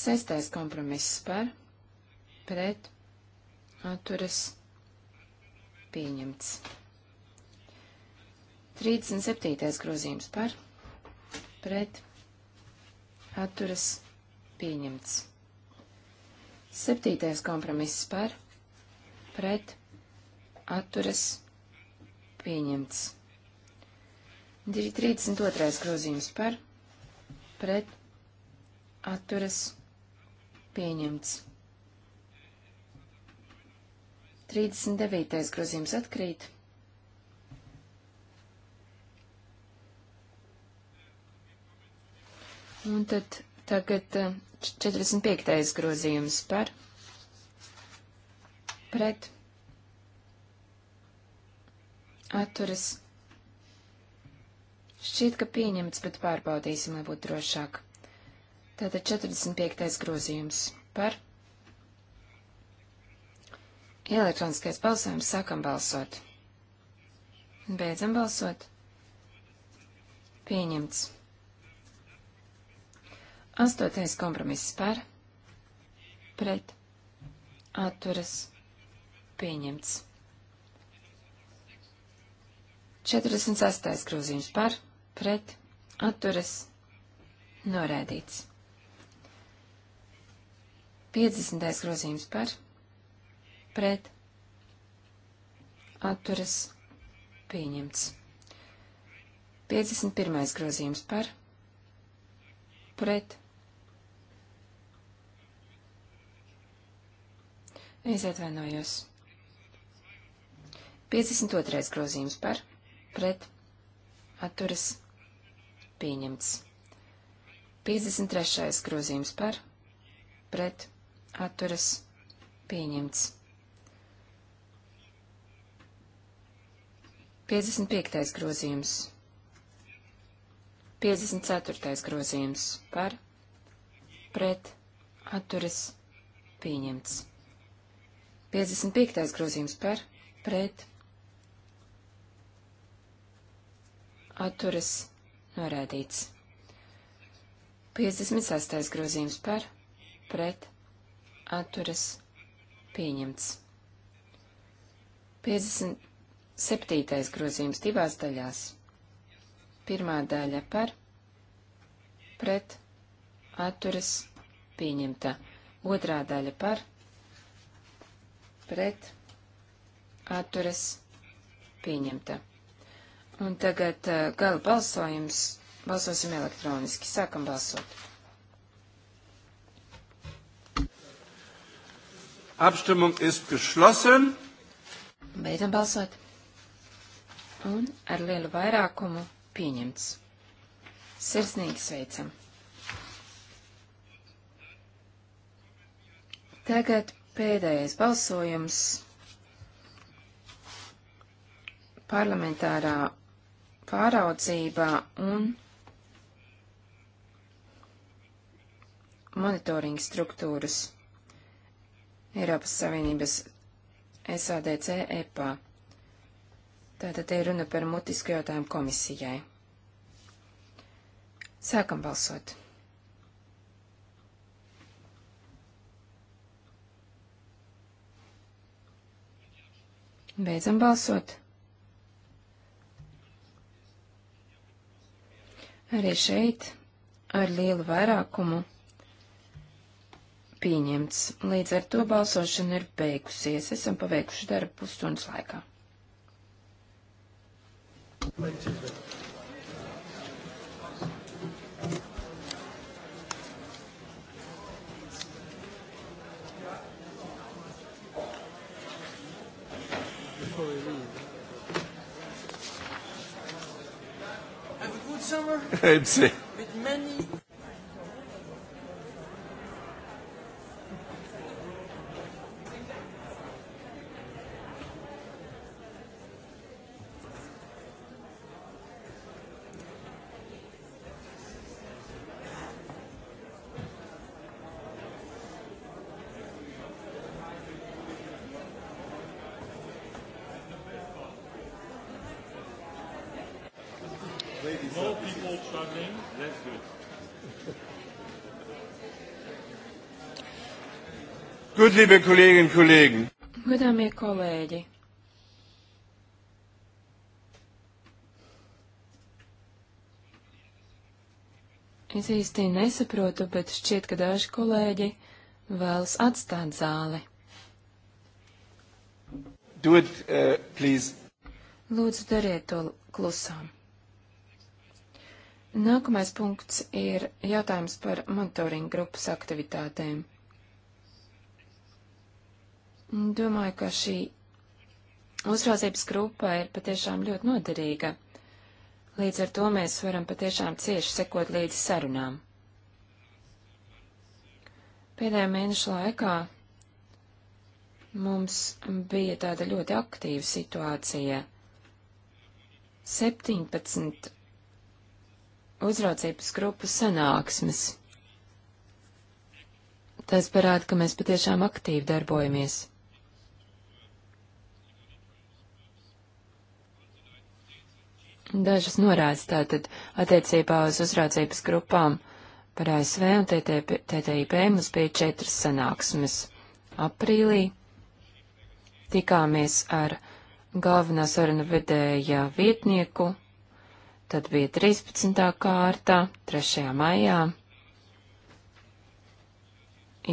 Sestais kompromiss par, pret, atturas, pieņemts. 37. grozījums par, pret, atturas, pieņemts. 7. kompromiss par, pret, atturas pieņemts. 32. grozījums par pret atturas pieņemts. 39. grozījums atkrīt. Un tad tagad 45. Eh, grozījums par pret atturas. Šķiet, ka pieņemts, bet pārbaudīsim, lai būtu drošāk. Tātad 45. grozījums par elektroniskais balsojums sākam balsot. Beidzam balsot. Pieņemts. Astotais kompromiss par, pret, atturas, pieņemts. 46. groziņš par, pret, atturas, norēdīts. 50. grozījums par, pret, atturas, pieņemts. 51. grozījums par, pret. Es atvainojos. 52. grozījums par, pret pret atturas pieņemts. 53. grozījums par pret atturas pieņemts. 55. grozījums 54. grozījums par pret atturas pieņemts. 55. grozījums par pret atturas norēdīts. 56. grozījums par, pret, atturas pieņemts. 57. grozījums divās daļās. Pirmā daļa par, pret, atturas pieņemta. Otrā daļa par, pret, atturas pieņemta. Un tagad uh, gala balsojums. Balsosim elektroniski. Sākam balsot. Abstimmung ist geschlossen. Beidzam balsot. Un ar lielu vairākumu pieņemts. Sirsnīgi sveicam. Tagad pēdējais balsojums parlamentārā pāraudzībā un monitoringa struktūras Eiropas Savienības SADC EPA. Tātad te ir runa par mutisku jautājumu komisijai. Sākam balsot. Beidzam balsot. Arī šeit ar lielu vairākumu pieņemts. Līdz ar to balsošana ir beigusies. Esam paveikuši darbu pusstundas laikā. Before we leave. summer? It's it. Gut, liebe Kolleginnen und Kollegen. Godāmie kolēģi. Es īsti nesaprotu, bet šķiet, ka daži kolēģi vēlas atstāt zāli. Do it, uh, please. Lūdzu, dariet to klusām. Nākamais punkts ir jautājums par monitoringa grupas aktivitātēm. Domāju, ka šī uzraudzības grupa ir patiešām ļoti noderīga. Līdz ar to mēs varam patiešām cieši sekot līdzi sarunām. Pēdējā mēneša laikā mums bija tāda ļoti aktīva situācija. 17 uzraudzības grupu sanāksmes. Tas parāda, ka mēs patiešām aktīvi darbojamies. dažas norādes tātad attiecībā uz uzraudzības grupām par ASV un TTIP mums bija četras sanāksmes. Aprīlī tikāmies ar galvenā saruna vedēja vietnieku, tad bija 13. kārta, 3. maijā.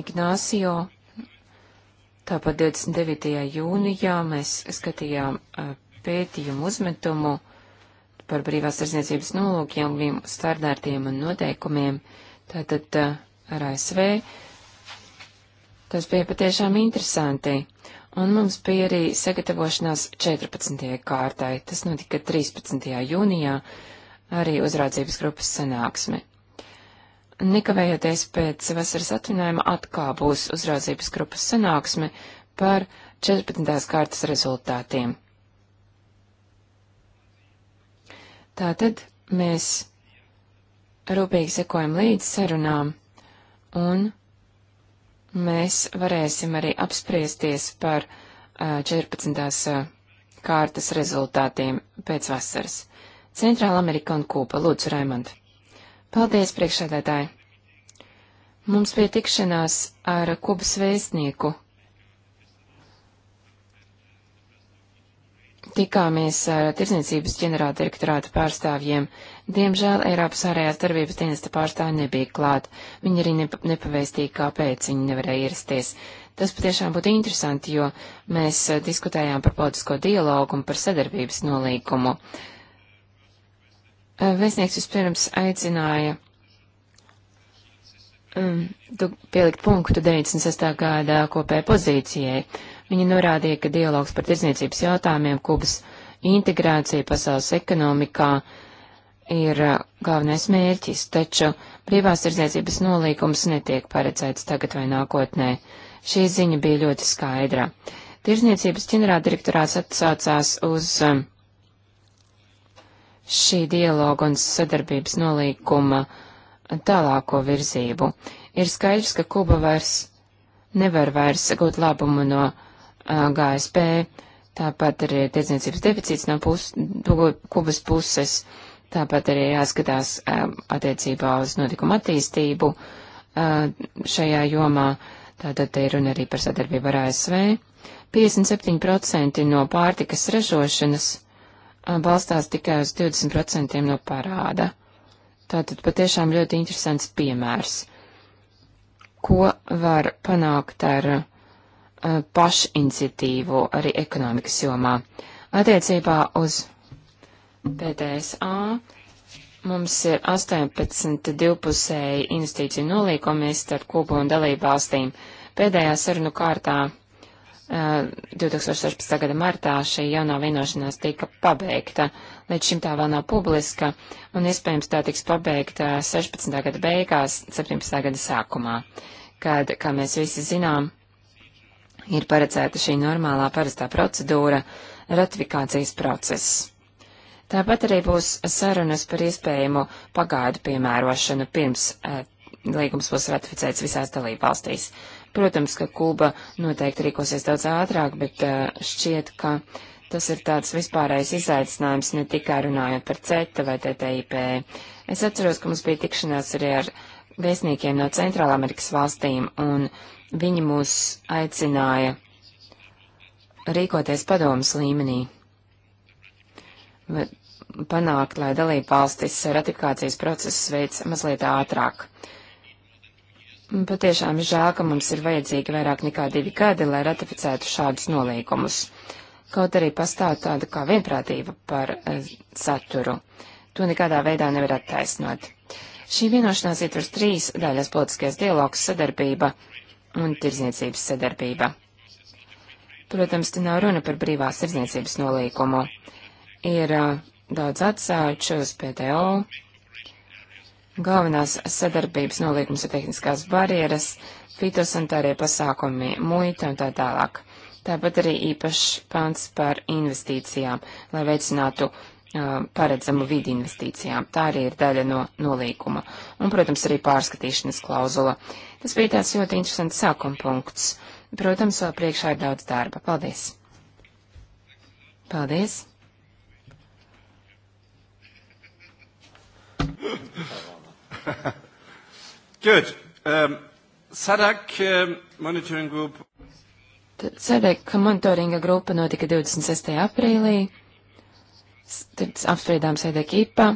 Ignācio Tāpat 29. jūnijā mēs skatījām pētījumu uzmetumu par brīvās arzniecības nolūkiem, standārtiem un noteikumiem, tātad ar ASV. Tas bija patiešām interesanti. Un mums bija arī sagatavošanās 14. kārtai. Tas notika 13. jūnijā, arī uzraudzības grupas sanāksme. Nekavējoties pēc vasaras atvinājuma atkal būs uzraudzības grupas sanāksme par 14. kārtas rezultātiem. Tātad mēs rūpīgi sekojam līdz sarunām, un mēs varēsim arī apspriesties par 14. kārtas rezultātiem pēc vasaras. Centrāla Amerika un Kūpa. Lūdzu, Raimond. Paldies, priekšsēdētāji. Mums bija tikšanās ar Kubas vēstnieku tikāmies ar Tirzniecības ģenerāldirektorāta pārstāvjiem. Diemžēl Eiropas ārējās darbības dienesta pārstāvji nebija klāt. Viņi arī nepa nepavēstīja, kāpēc viņi nevarēja ierasties. Tas patiešām būtu interesanti, jo mēs eh, diskutējām par politisko dialogu un par sadarbības nolīgumu. Eh, vēstnieks vispirms aicināja um, pielikt punktu 96. gada kopējai pozīcijai. Uh, Viņi norādīja, ka dialogs par tirdzniecības jautājumiem, Kubas integrācija pasaules ekonomikā ir uh, galvenais mērķis, taču brīvās tirdzniecības nolīgums netiek paredzēts tagad vai nākotnē. Šī ziņa bija ļoti skaidra. Tirzniecības ģenerāldirektorāts atsācās uz um, šī dialoga un sadarbības nolīguma tālāko virzību. Ir skaidrs, ka Kuba vairs nevar vairs gūt labumu no GSP, tāpat arī tirdzniecības deficīts no pus, Kubas puses, tāpat arī jāskatās attiecībā uz notikumu attīstību šajā jomā, tātad te ir runa arī par sadarbību ar ASV. 57% no pārtikas ražošanas balstās tikai uz 20% no parāda. Tātad patiešām ļoti interesants piemērs, ko var panākt ar Eh, pašiniciatīvu arī ekonomikas jomā. Attiecībā uz PTSA mums ir 18 divpusēji investīciju nolīkumi starp Kubu un dalību valstīm. Pēdējā sarunu kārtā 2016. Eh, gada martā šī jaunā vienošanās tika pabeigta. Līdz šim tā vēl nav publiska, un iespējams tā tiks pabeigta 16. gada beigās, 17. gada sākumā, kad, kā mēs visi zinām, ir paredzēta šī normālā parastā procedūra - ratifikācijas process. Tāpat arī būs sarunas par iespējamu pagaidu piemērošanu pirms eh, līgums būs ratificēts visās dalībvalstīs. Protams, ka Kuba noteikti rīkosies daudz ātrāk, bet eh, šķiet, ka tas ir tāds vispārējais izaicinājums ne tikai runājot par CETA vai TTIP. Es atceros, ka mums bija tikšanās arī ar vēstniekiem no Centrālamerikas valstīm, un uh, Viņi mūs aicināja rīkoties padomas līmenī, panākt, lai dalība valstis ratifikācijas procesus veids mazliet ātrāk. Patiešām žēl, ka mums ir vajadzīgi vairāk nekā divi gadi, lai ratificētu šādus nolīgumus, kaut arī pastāv tāda kā vienprātība par eh, saturu. To nekādā veidā nevar attaisnot. Šī vienošanās ietver trīs daļas politiskais dialogs, sadarbība un tirzniecības sadarbība. Protams, te nav runa par brīvās tirzniecības nolīkumu. Ir uh, daudz atsāču uz PTO. Galvenās sadarbības nolīgums ir tehniskās barjeras, fitosantārie pasākumi, muita un tā tālāk. Tāpat arī īpašs pants par investīcijām, lai veicinātu uh, paredzamu vidi investīcijām. Tā arī ir daļa no nolīkuma. Un, protams, arī pārskatīšanas klauzula. Uh, Tas bija tāds ļoti interesants sākuma punkts. Protams, vēl priekšā ir daudz darba. Paldies! Paldies! Good. Um, SADC um, uh, monitoring group. SADC monitoringa grupa notika 26. aprīlī. Tad apspriedām SADC IPA.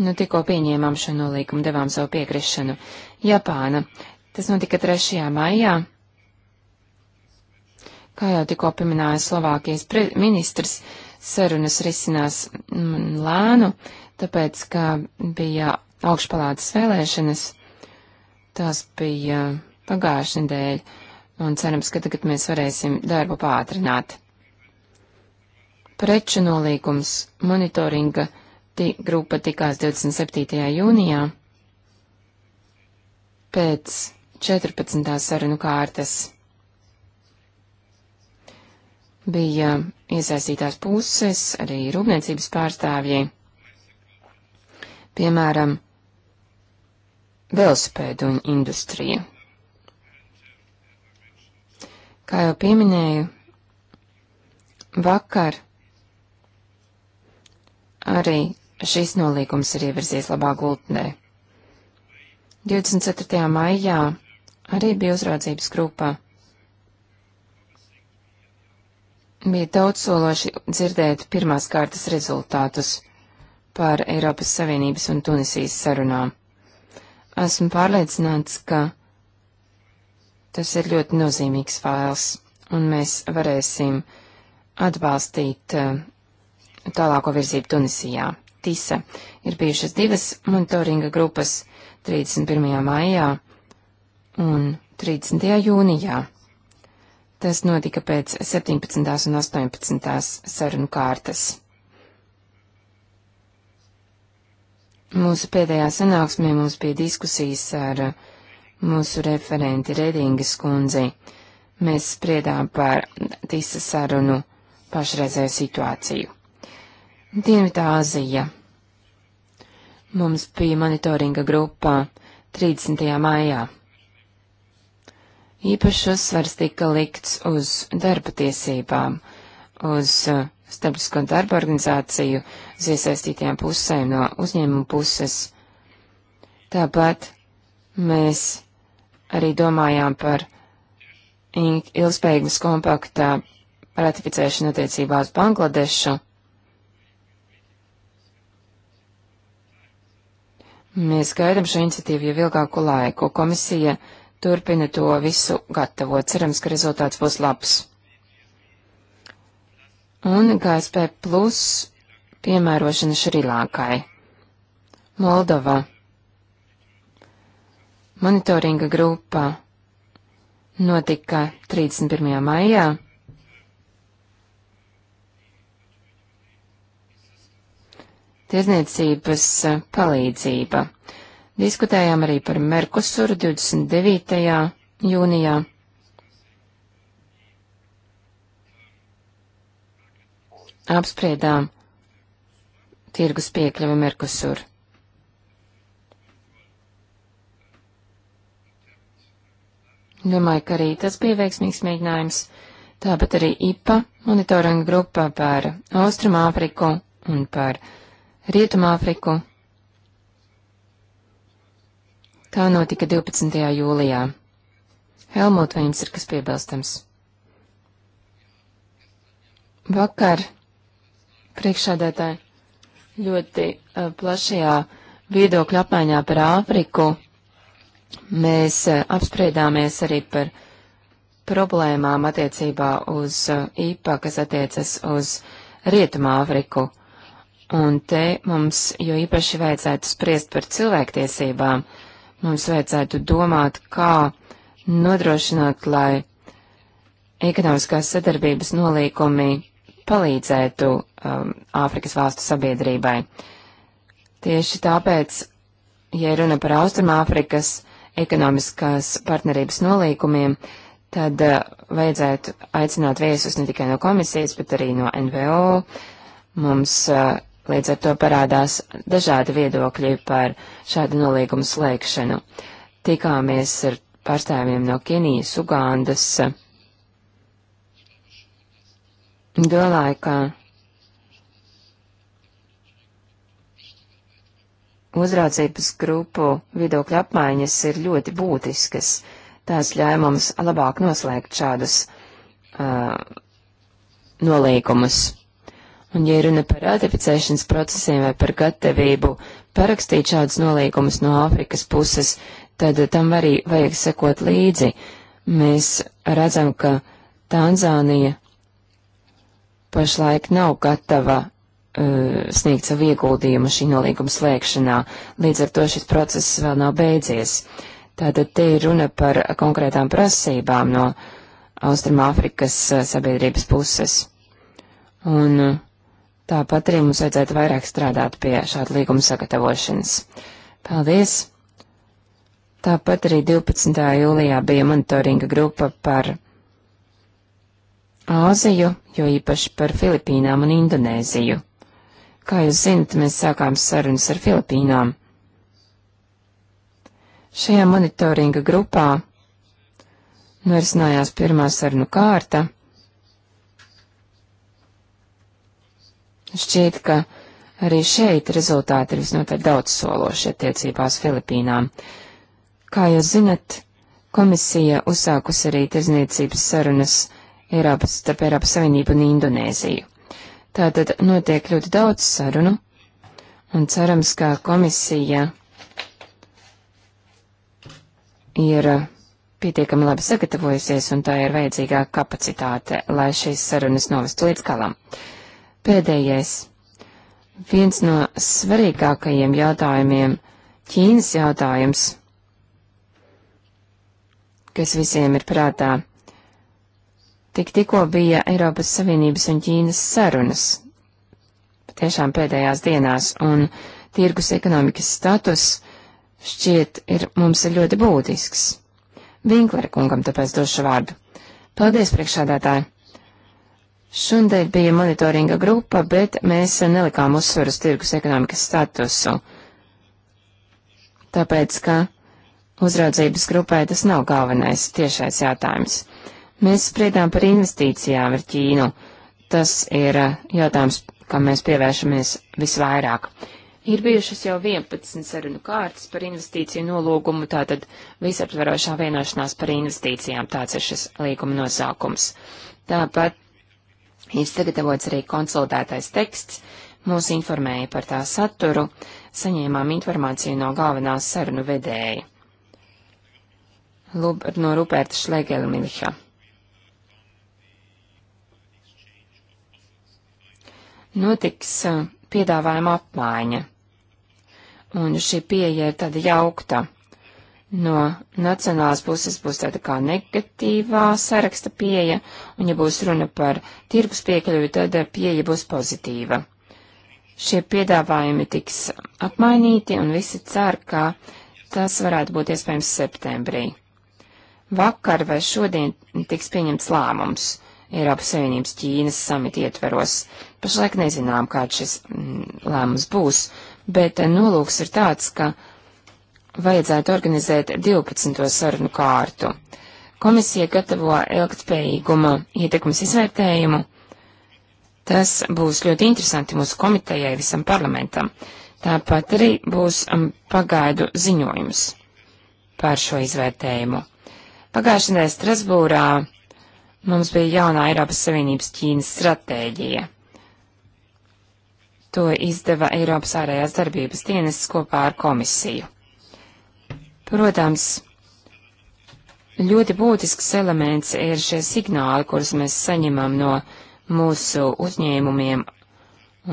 Nu, tikko pieņēmām šo nolīgumu, devām savu piekrišanu. Japāna. Tas notika 3. maijā. Kā jau tikko pieminēja Slovākijas ministrs, sarunas risinās mm, lēnu, tāpēc, ka bija augšpalātas vēlēšanas. Tās bija pagājušajā nedēļā, un cerams, ka tagad mēs varēsim darbu pātrināt. Preču nolīgums, monitoringa grupa tikās 27. jūnijā pēc 14. sarunu kārtas. Bija iesaistītās puses, arī rūpniecības pārstāvji, piemēram, velospēdu industrija. Kā jau pieminēju, vakar arī šis nolīgums ir ievirzies labā gultnē. 24. maijā arī bija uzraudzības grupā. Bija daudz sološi dzirdēt pirmās kārtas rezultātus par Eiropas Savienības un Tunisijas sarunām. Esmu pārliecināts, ka tas ir ļoti nozīmīgs fails, un mēs varēsim atbalstīt eh, tālāko virzību Tunisijā. TISA. Ir bijušas divas monitoringa grupas 31. maijā un 30. jūnijā. Tas notika pēc 17. un 18. sarunu kārtas. Mūsu pēdējā sanāksmē mums bija diskusijas ar mūsu referenti Redingas kundzi. Mēs spriedām par TISA sarunu pašreizēju situāciju. Dienvidāzija. Mums bija monitoringa grupā 30. maijā. Īpašs uzsvars tika likts uz darba tiesībām, uz uh, starptautisko darba organizāciju, uz iesaistītajām pusēm no uzņēmuma puses. Tāpat mēs arī domājām par ilgspējīgas kompaktā ratificēšanu attiecībā uz Bangladešu. Mēs gaidām šo iniciatīvu jau ilgāku laiku. Komisija turpina to visu gatavot. Cerams, ka rezultāts būs labs. Un GSP plus piemērošana Šrilankai. Moldova. Monitoringa grupa notika 31. maijā. tirzniecības eh, palīdzība. Diskutējām arī par Merkusuru 29. jūnijā. Apspriedām tirgus piekļuvi Merkusuru. Domāju, ka arī tas bija veiksmīgs mēģinājums. Tāpat arī IPA monitoringa grupa par Austrumāfriku un par Rietumāfriku. Tā notika 12. jūlijā. Helmut, vai jums ir kas piebilstams? Vakar priekšādētāji ļoti uh, plašajā viedokļu apmaiņā par Āfriku mēs uh, apspriedāmies arī par problēmām attiecībā uz uh, IPA, kas attiecas uz Rietumā Āfriku. Un te mums jo īpaši vajadzētu spriest par cilvēktiesībām. Mums vajadzētu domāt, kā nodrošināt, lai ekonomiskās sadarbības nolīkumi palīdzētu um, Āfrikas valstu sabiedrībai. Tieši tāpēc, ja runa par Austrumāfrikas ekonomiskās partnerības nolīkumiem, tad uh, vajadzētu aicināt viesus ne tikai no komisijas, bet arī no NVO. Mums uh, Līdz ar to parādās dažādi viedokļi par šādu nolīgumu slēgšanu. Tikāmies ar pārstāvjiem no Kenijas, Ugandas. Domāju, ka uzraudzības grupu viedokļu apmaiņas ir ļoti būtiskas. Tās ļauj mums labāk noslēgt šādus uh, nolīgumus. Un, ja runa par ratificēšanas procesiem vai par gatavību parakstīt šādus nolīgumus no Āfrikas puses, tad tam arī vajag sekot līdzi. Mēs redzam, ka Tanzānija pašlaik nav gatava uh, sniegt savu ieguldījumu šī nolīguma slēgšanā, līdz ar to šis process vēl nav beidzies. Tātad te ir runa par konkrētām prasībām no Austrumāfrikas uh, sabiedrības puses. Un uh, Tāpat arī mums vajadzētu vairāk strādāt pie šāda līguma sagatavošanas. Paldies! Tāpat arī 12. jūlijā bija monitoringa grupa par Āziju, jo īpaši par Filipīnām un Indonēziju. Kā jūs zinat, mēs sākām sarunas ar Filipīnām. Šajā monitoringa grupā norisinājās pirmā sarunu kārta. Šķiet, ka arī šeit rezultāti ir visnotaļ daudz sološi attiecībās Filipīnām. Kā jūs zinat, komisija uzsākus arī tirzniecības sarunas Eiropas, starp Eiropas Savienību un Indonēziju. Tātad notiek ļoti daudz sarunu, un cerams, ka komisija ir pietiekami labi sagatavojusies, un tā ir vajadzīgā kapacitāte, lai šīs sarunas novestu līdz galam. Uh, Pēdējais. Viens no svarīgākajiem jautājumiem - Ķīnas jautājums, kas visiem ir prātā. Tik tikko bija Eiropas Savienības un Ķīnas sarunas, tiešām pēdējās dienās, un tirgus ekonomikas status šķiet ir mums ir ļoti būtisks. Vinklera kungam tāpēc došu vārdu. Paldies, priekšādātāji! Šundēļ bija monitoringa grupa, bet mēs nelikām uzsveru uz tirgus ekonomikas statusu, tāpēc, ka uzraudzības grupai tas nav galvenais tiešais jautājums. Mēs spriedām par investīcijām ar Ķīnu. Tas ir uh, jautājums, kam mēs pievēršamies visvairāk. Ir bijušas jau 11 sarunu kārtas par investīciju nolūgumu, tātad visaptverošā vienošanās par investīcijām, tāds ir šis līguma nosaukums. Tāpat Ir sagatavots arī konsultētais teksts, mūs informēja par tā saturu, saņēmām informāciju no galvenās sarunu vedēja Lub, no Ruperta Šlegelmilha. Notiks eh, piedāvājuma apmaiņa, un šī pieeja ir tāda jaukta. No nacionālās puses būs tāda kā negatīvā saraksta pieeja, un ja būs runa par tirgus piekļuvi, tad pieeja būs pozitīva. Šie piedāvājumi tiks apmainīti, un visi cer, ka tas varētu būt iespējams septembrī. Vakar vai šodien tiks pieņemts lēmums Eiropas Savienības Ķīnas samita ietveros. Pašlaik nezinām, kāds šis mm, lēmums būs, bet nolūks ir tāds, ka vajadzētu organizēt 12. sarunu kārtu. Komisija gatavo ilgtspējīguma ietekmes izvērtējumu. Tas būs ļoti interesanti mūsu komitejai visam parlamentam. Tāpat arī būs um, pagaidu ziņojums par šo izvērtējumu. Pagājušajā nedēļā Strasbūrā mums bija jaunā Eiropas Savienības Ķīnas stratēģija. To izdeva Eiropas ārējās darbības dienas kopā ar komisiju. Protams, ļoti būtisks elements ir šie signāli, kurus mēs saņemam no mūsu uzņēmumiem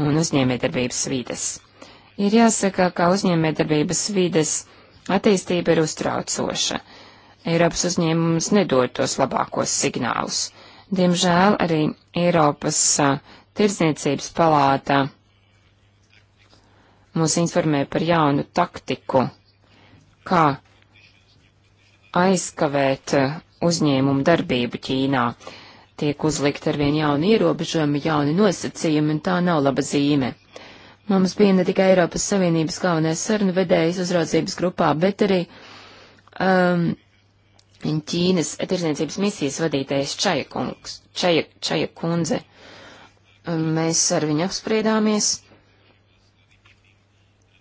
un uzņēmējdarbības vides. Ir jāsaka, ka uzņēmējdarbības vides attīstība ir uztraucoša. Eiropas uzņēmums nedod tos labākos signālus. Diemžēl arī Eiropas uh, Tirzniecības palāta mūs informē par jaunu taktiku, kā aizkavēt eh, uzņēmumu darbību Ķīnā. Tiek uzlikt arvien jauni ierobežojumi, jauni nosacījumi, un tā nav laba zīme. Mums bija ne tikai Eiropas Savienības galvenais sarunu vedējs uzraudzības grupā, bet arī um, Ķīnas tirzniecības misijas vadītājs Čaja, kungs, Čaja, Čaja kundze. Um, mēs ar viņu apspriedāmies.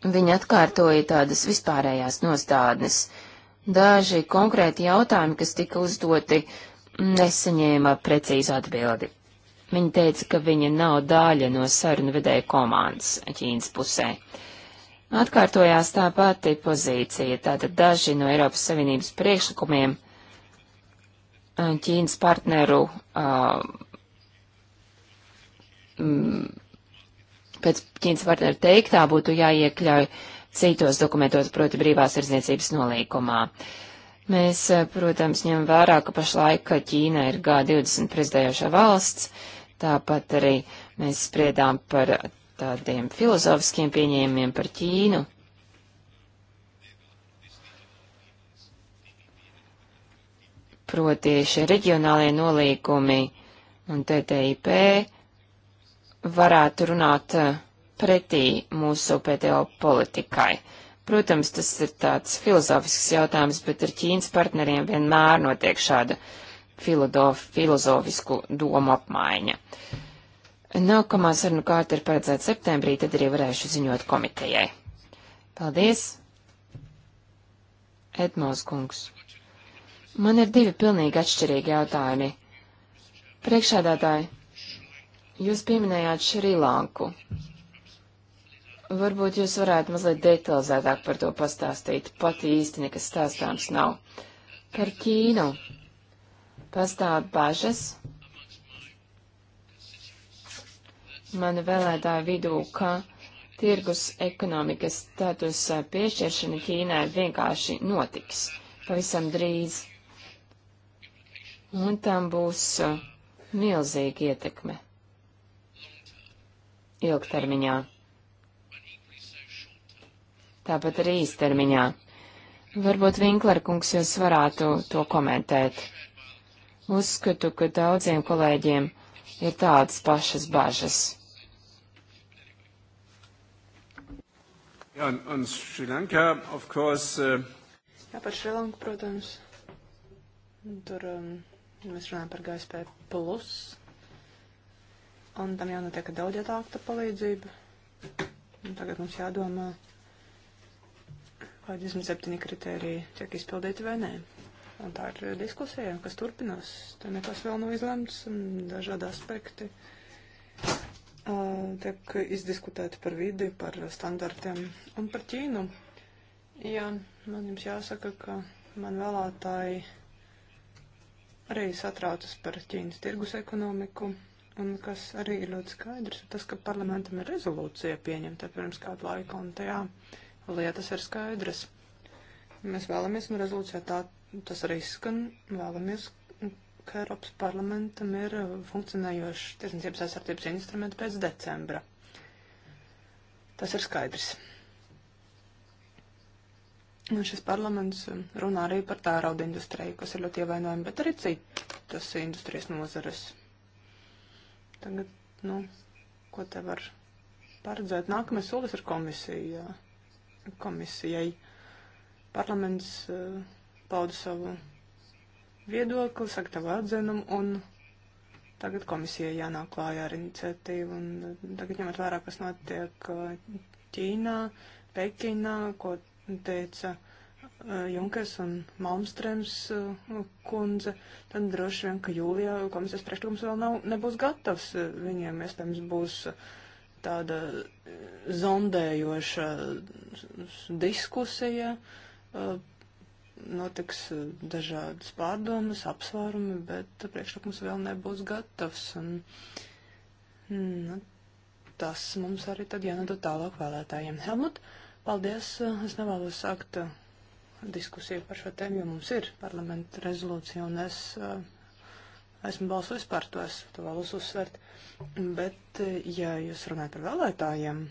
Viņa atkārtoja tādas vispārējās nostādnes Daži konkrēti jautājumi, kas tika uzdoti, nesaņēma precīzu atbildi. Viņa teica, ka viņa nav daļa no sarunu vedēja komandas Ķīnas pusē. Atkārtojās tā pati pozīcija, tātad daži no Eiropas Savienības priekšlikumiem uh, Ķīnas partneru uh, pēc Ķīnas partneru teiktā būtu jāiekļauj uh, citos dokumentos, proti brīvās arzniecības nolīkumā. Mēs, eh, protams, ņem vērā, ka pašlaik Ķīna ir G20 prezidējošā valsts, tāpat arī mēs spriedām par tādiem filozofiskiem pieņēmumiem par Ķīnu. Proti šie reģionālie nolīkumi un TTIP varētu runāt uh, pretī mūsu PTO politikai. Protams, tas ir tāds filozofisks jautājums, bet ar Ķīnas partneriem vienmēr notiek šāda filozofisku domu apmaiņa. Nākamā sarunu kārta ir paredzēta septembrī, tad arī varēšu ziņot komitejai. Paldies! Edmos kungs. Man ir divi pilnīgi atšķirīgi jautājumi. Priekšādātāji, jūs pieminējāt Šrilanku. Varbūt jūs varētu mazliet detalizētāk par to pastāstīt. Pat īsti nekas stāstāms nav. Par Ķīnu pastāv bažas. Mani vēlētāju vidū, ka tirgus ekonomikas status piešķiršana Ķīnai vienkārši notiks pavisam drīz. Un tam būs uh, milzīga ietekme ilgtermiņā tāpat arī īstermiņā. Varbūt Vinklerkungs jūs varētu to komentēt. Uzskatu, ka daudziem kolēģiem ir tādas pašas bažas. Jā, un, un Šrilanka, of course. Uh... Jā, par Šrilanku, protams. Tur um, mēs runājam par GSP plus. Un tam jānotiek daudz jātākta palīdzība. Un tagad mums jādomā. Uh, vai 27 kritēriji tiek izpildīti vai nē. Un tā ir diskusija, kas turpinās. Te nekas vēl nav izlemts, dažādi aspekti uh, tiek izdiskutēti par vidi, par standartiem un par Ķīnu. Jā, man jums jāsaka, ka man vēlētāji arī satraucas par Ķīnas tirgus ekonomiku, un kas arī ir ļoti skaidrs, tas, ka parlamentam ir rezolūcija pieņemta pirms kādu laiku, un tajā. Uh, lietas ir skaidras. Mēs vēlamies, un rezolūcijā tā tas arī skan, vēlamies, ka Eiropas parlamentam ir funkcionējoši tiesniecības aizsardzības instrumenti pēc decembra. Tas ir skaidrs. Un šis parlaments runā arī par tērauda industriju, kas ir ļoti ievainojama, bet arī citas industrijas nozares. Tagad, nu, ko te var paredzēt? Nākamais solis ir komisija. Jā komisijai. Parlaments eh, pauda savu viedokli, sagatavo atzinumu un tagad komisijai jānāk klājā ar iniciatīvu. Un eh, tagad ņemot vērā, kas notiek eh, Ķīnā, Pekinā, ko teica Junkers un Malmstrēms kundze, tad droši vien, ka jūlijā komisijas priekšlikums vēl nav, nebūs gatavs. Viņiem iespējams būs. Uh, tāda zondējoša diskusija, notiks dažādas pārdomas, apsvērumi, bet priekšlikums vēl nebūs gatavs. Un, nu, tas mums arī tad jānodot tālāk vēlētājiem. Helmut, paldies! Es nevēlos sākt diskusiju par šo tēmu, jo mums ir parlamenta rezolūcija, un es esmu balsojis par to, es to vēlos uzsvert. Bet, eh, ja jūs runājat par vēlētājiem,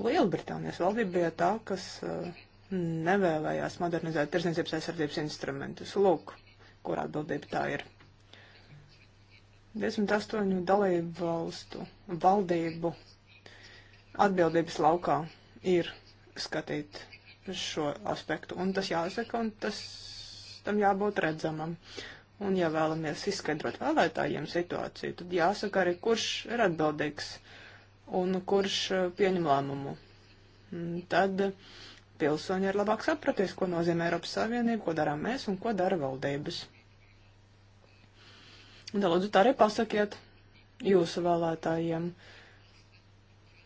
Lielbritānijas valdība bija tā, kas eh, nevēlējās modernizēt tirsniecības aizsardzības instrumentus. Lūk, kur atbildība tā ir. 28 dalību valstu valdību atbildības laukā ir skatīt šo aspektu. Un tas jāsaka, un tas tam jābūt redzamam. Un ja vēlamies izskaidrot vēlētājiem situāciju, tad jāsaka arī, kurš ir atbildīgs un kurš eh, pieņem lēmumu. Un tad pilsoņi ir labāk sapratis, ko nozīmē Eiropas Savienība, ko darām mēs un ko dara valdības. Un tad lūdzu tā arī pasakiet jūsu vēlētājiem. Uh,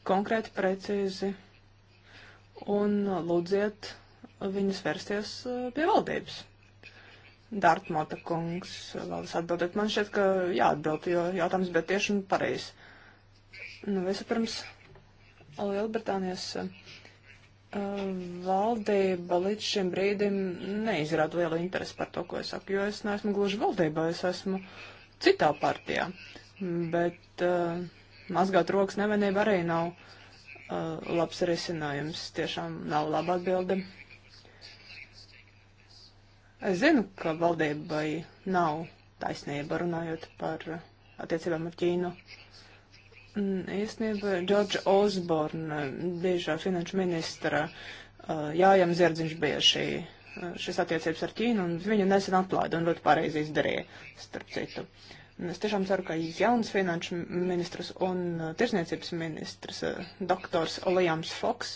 konkrēti, precīzi un lūdziet viņus vērsties eh, pie valdības. Dārtmota kungs vēlas atbildēt. Man šķiet, ka jāatbild, jo jautājums bija tieši un pareizs. Nu, vispirms Lielbritānijas uh, valdība līdz šim brīdim neizrāda lielu interesi par to, ko es saku, jo es neesmu gluži valdībā, es esmu citā partijā. Bet uh, mazgāt rokas nevienība arī nav uh, labs risinājums. Tiešām nav laba atbilde. Es zinu, ka valdībai nav taisnība runājot par uh, attiecībām ar Ķīnu. Mm, īstenībā Džordža Osborna, biežā finanšu ministra, uh, jājam zirdziņš bija šī, uh, šis attiecības ar Ķīnu, un viņu nesen atlaida un ļoti pareizi izdarīja, starp citu. Uh, Es tiešām ceru, ka jauns finanšu ministrs un uh, tirsniecības ministrs uh, doktors Lijams Foks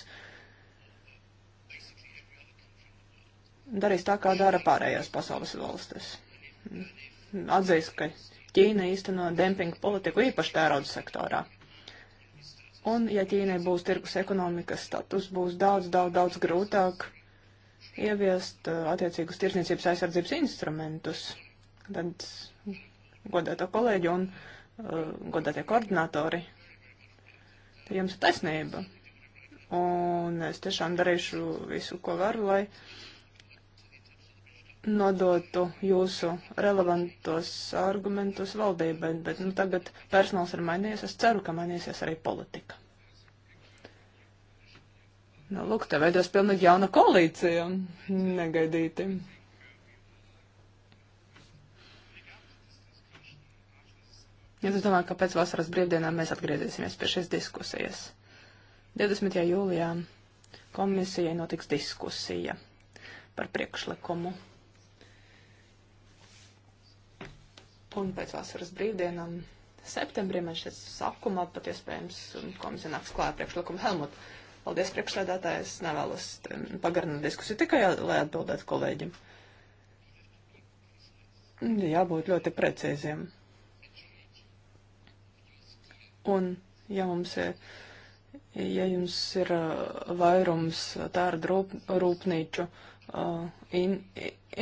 darīs tā, kā dara pārējās pasaules valstis. Atzīst, ka Ķīna īsteno dempingu politiku īpaši tērauda sektorā. Un, ja Ķīnai būs tirkus ekonomikas status, būs daudz, daudz, daudz grūtāk ieviest uh, attiecīgus tirsniecības aizsardzības instrumentus. Tad godēto kolēģi un uh, eh, godētie koordinatori. Te jums ir taisnība. Un es tiešām darīšu visu, ko varu, lai nodotu jūsu relevantos argumentus valdībai, bet nu, tagad personāls ir mainījies, es ceru, ka mainīsies arī politika. Nu, lūk, te veidos pilnīgi jauna koalīcija, negaidīti. Es domāju, ka pēc vasaras brīvdienām mēs atgriezīsimies pie šīs diskusijas. 20. jūlijā komisijai notiks diskusija par priekšlikumu. Un pēc vasaras brīvdienām septembrī man šķiet sākumā pat iespējams komisija nāks klāt priekšlikumu Helmut. Paldies priekšsēdētājs, nevēlas pagarināt diskusiju tikai, lai atbildētu kolēģim. Jābūt ļoti precīziem. Un, ja mums ir, ja jums ir uh, vairums tārdu rūp, rūpnīču uh, in,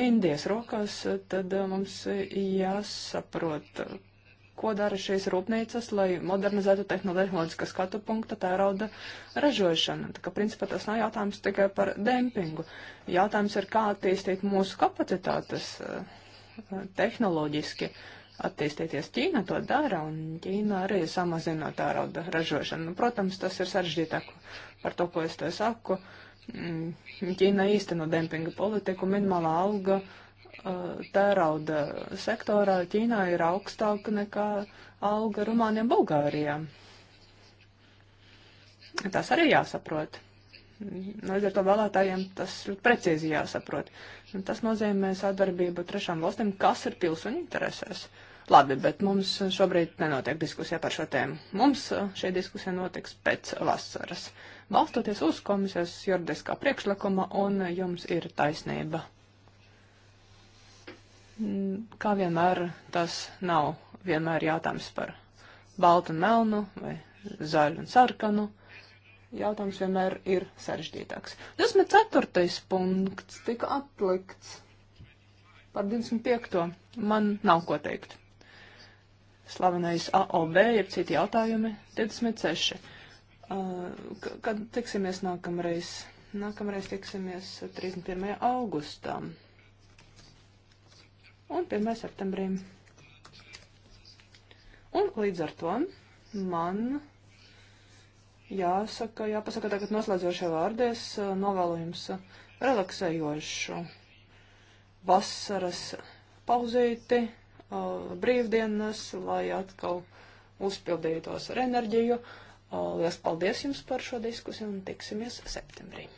Indijas rokās, tad uh, mums jāsaprot, ko dara šīs rūpnīcas, lai modernizētu tehnoloģiskā skatu punkta tērauda ražošanu. Tā kā principā tas nav jautājums tikai par dempingu. Jautājums ir, kā attīstīt mūsu kapacitātes tehnoloģiski. Uh, attīstīties. Ķīna to dara, un Ķīna arī samazina tārauda ražošanu. Nu, protams, tas ir sarežģītāk par to, ko es te saku. Mm, Ķīna īsteno dempinga politiku, minimālā alga uh, tērauda sektorā Ķīnā ir augstāka nekā alga Rumānijā un Bulgārijā. Tas arī jāsaprot. Līdz ar to vēlētājiem tas ļoti precīzi jāsaprot. Tas nozīmē sadarbību trešām valstīm, kas ir pilsoņu interesēs. Labi, bet mums šobrīd nenotiek diskusija par šo tēmu. Mums uh, šī diskusija notiks pēc vasaras. Balstoties uz komisijas juridiskā priekšlikuma, un jums ir taisnība. Mm, kā vienmēr, tas nav vienmēr jautājums par baltu un melnu vai zaļu un sarkanu. Uh, jautājums vienmēr ir sarežģītāks. 24. punkts tika atlikts par 25. Man nav ko teikt. Slavenais AOB ir citi jautājumi. 26. Uh, kad tiksimies nākamreiz? Nākamreiz tiksimies 31. augustā un 1. septembrī. Un līdz ar to man jāsaka, jāpasaka tagad noslēdzošie vārdi. Es eh, novēlu jums eh, relaksējošu vasaras pauzīti, eh, brīvdienas, lai atkal uzpildītos ar enerģiju. Lielas paldies jums par šo diskusiju un tiksimies septembrī.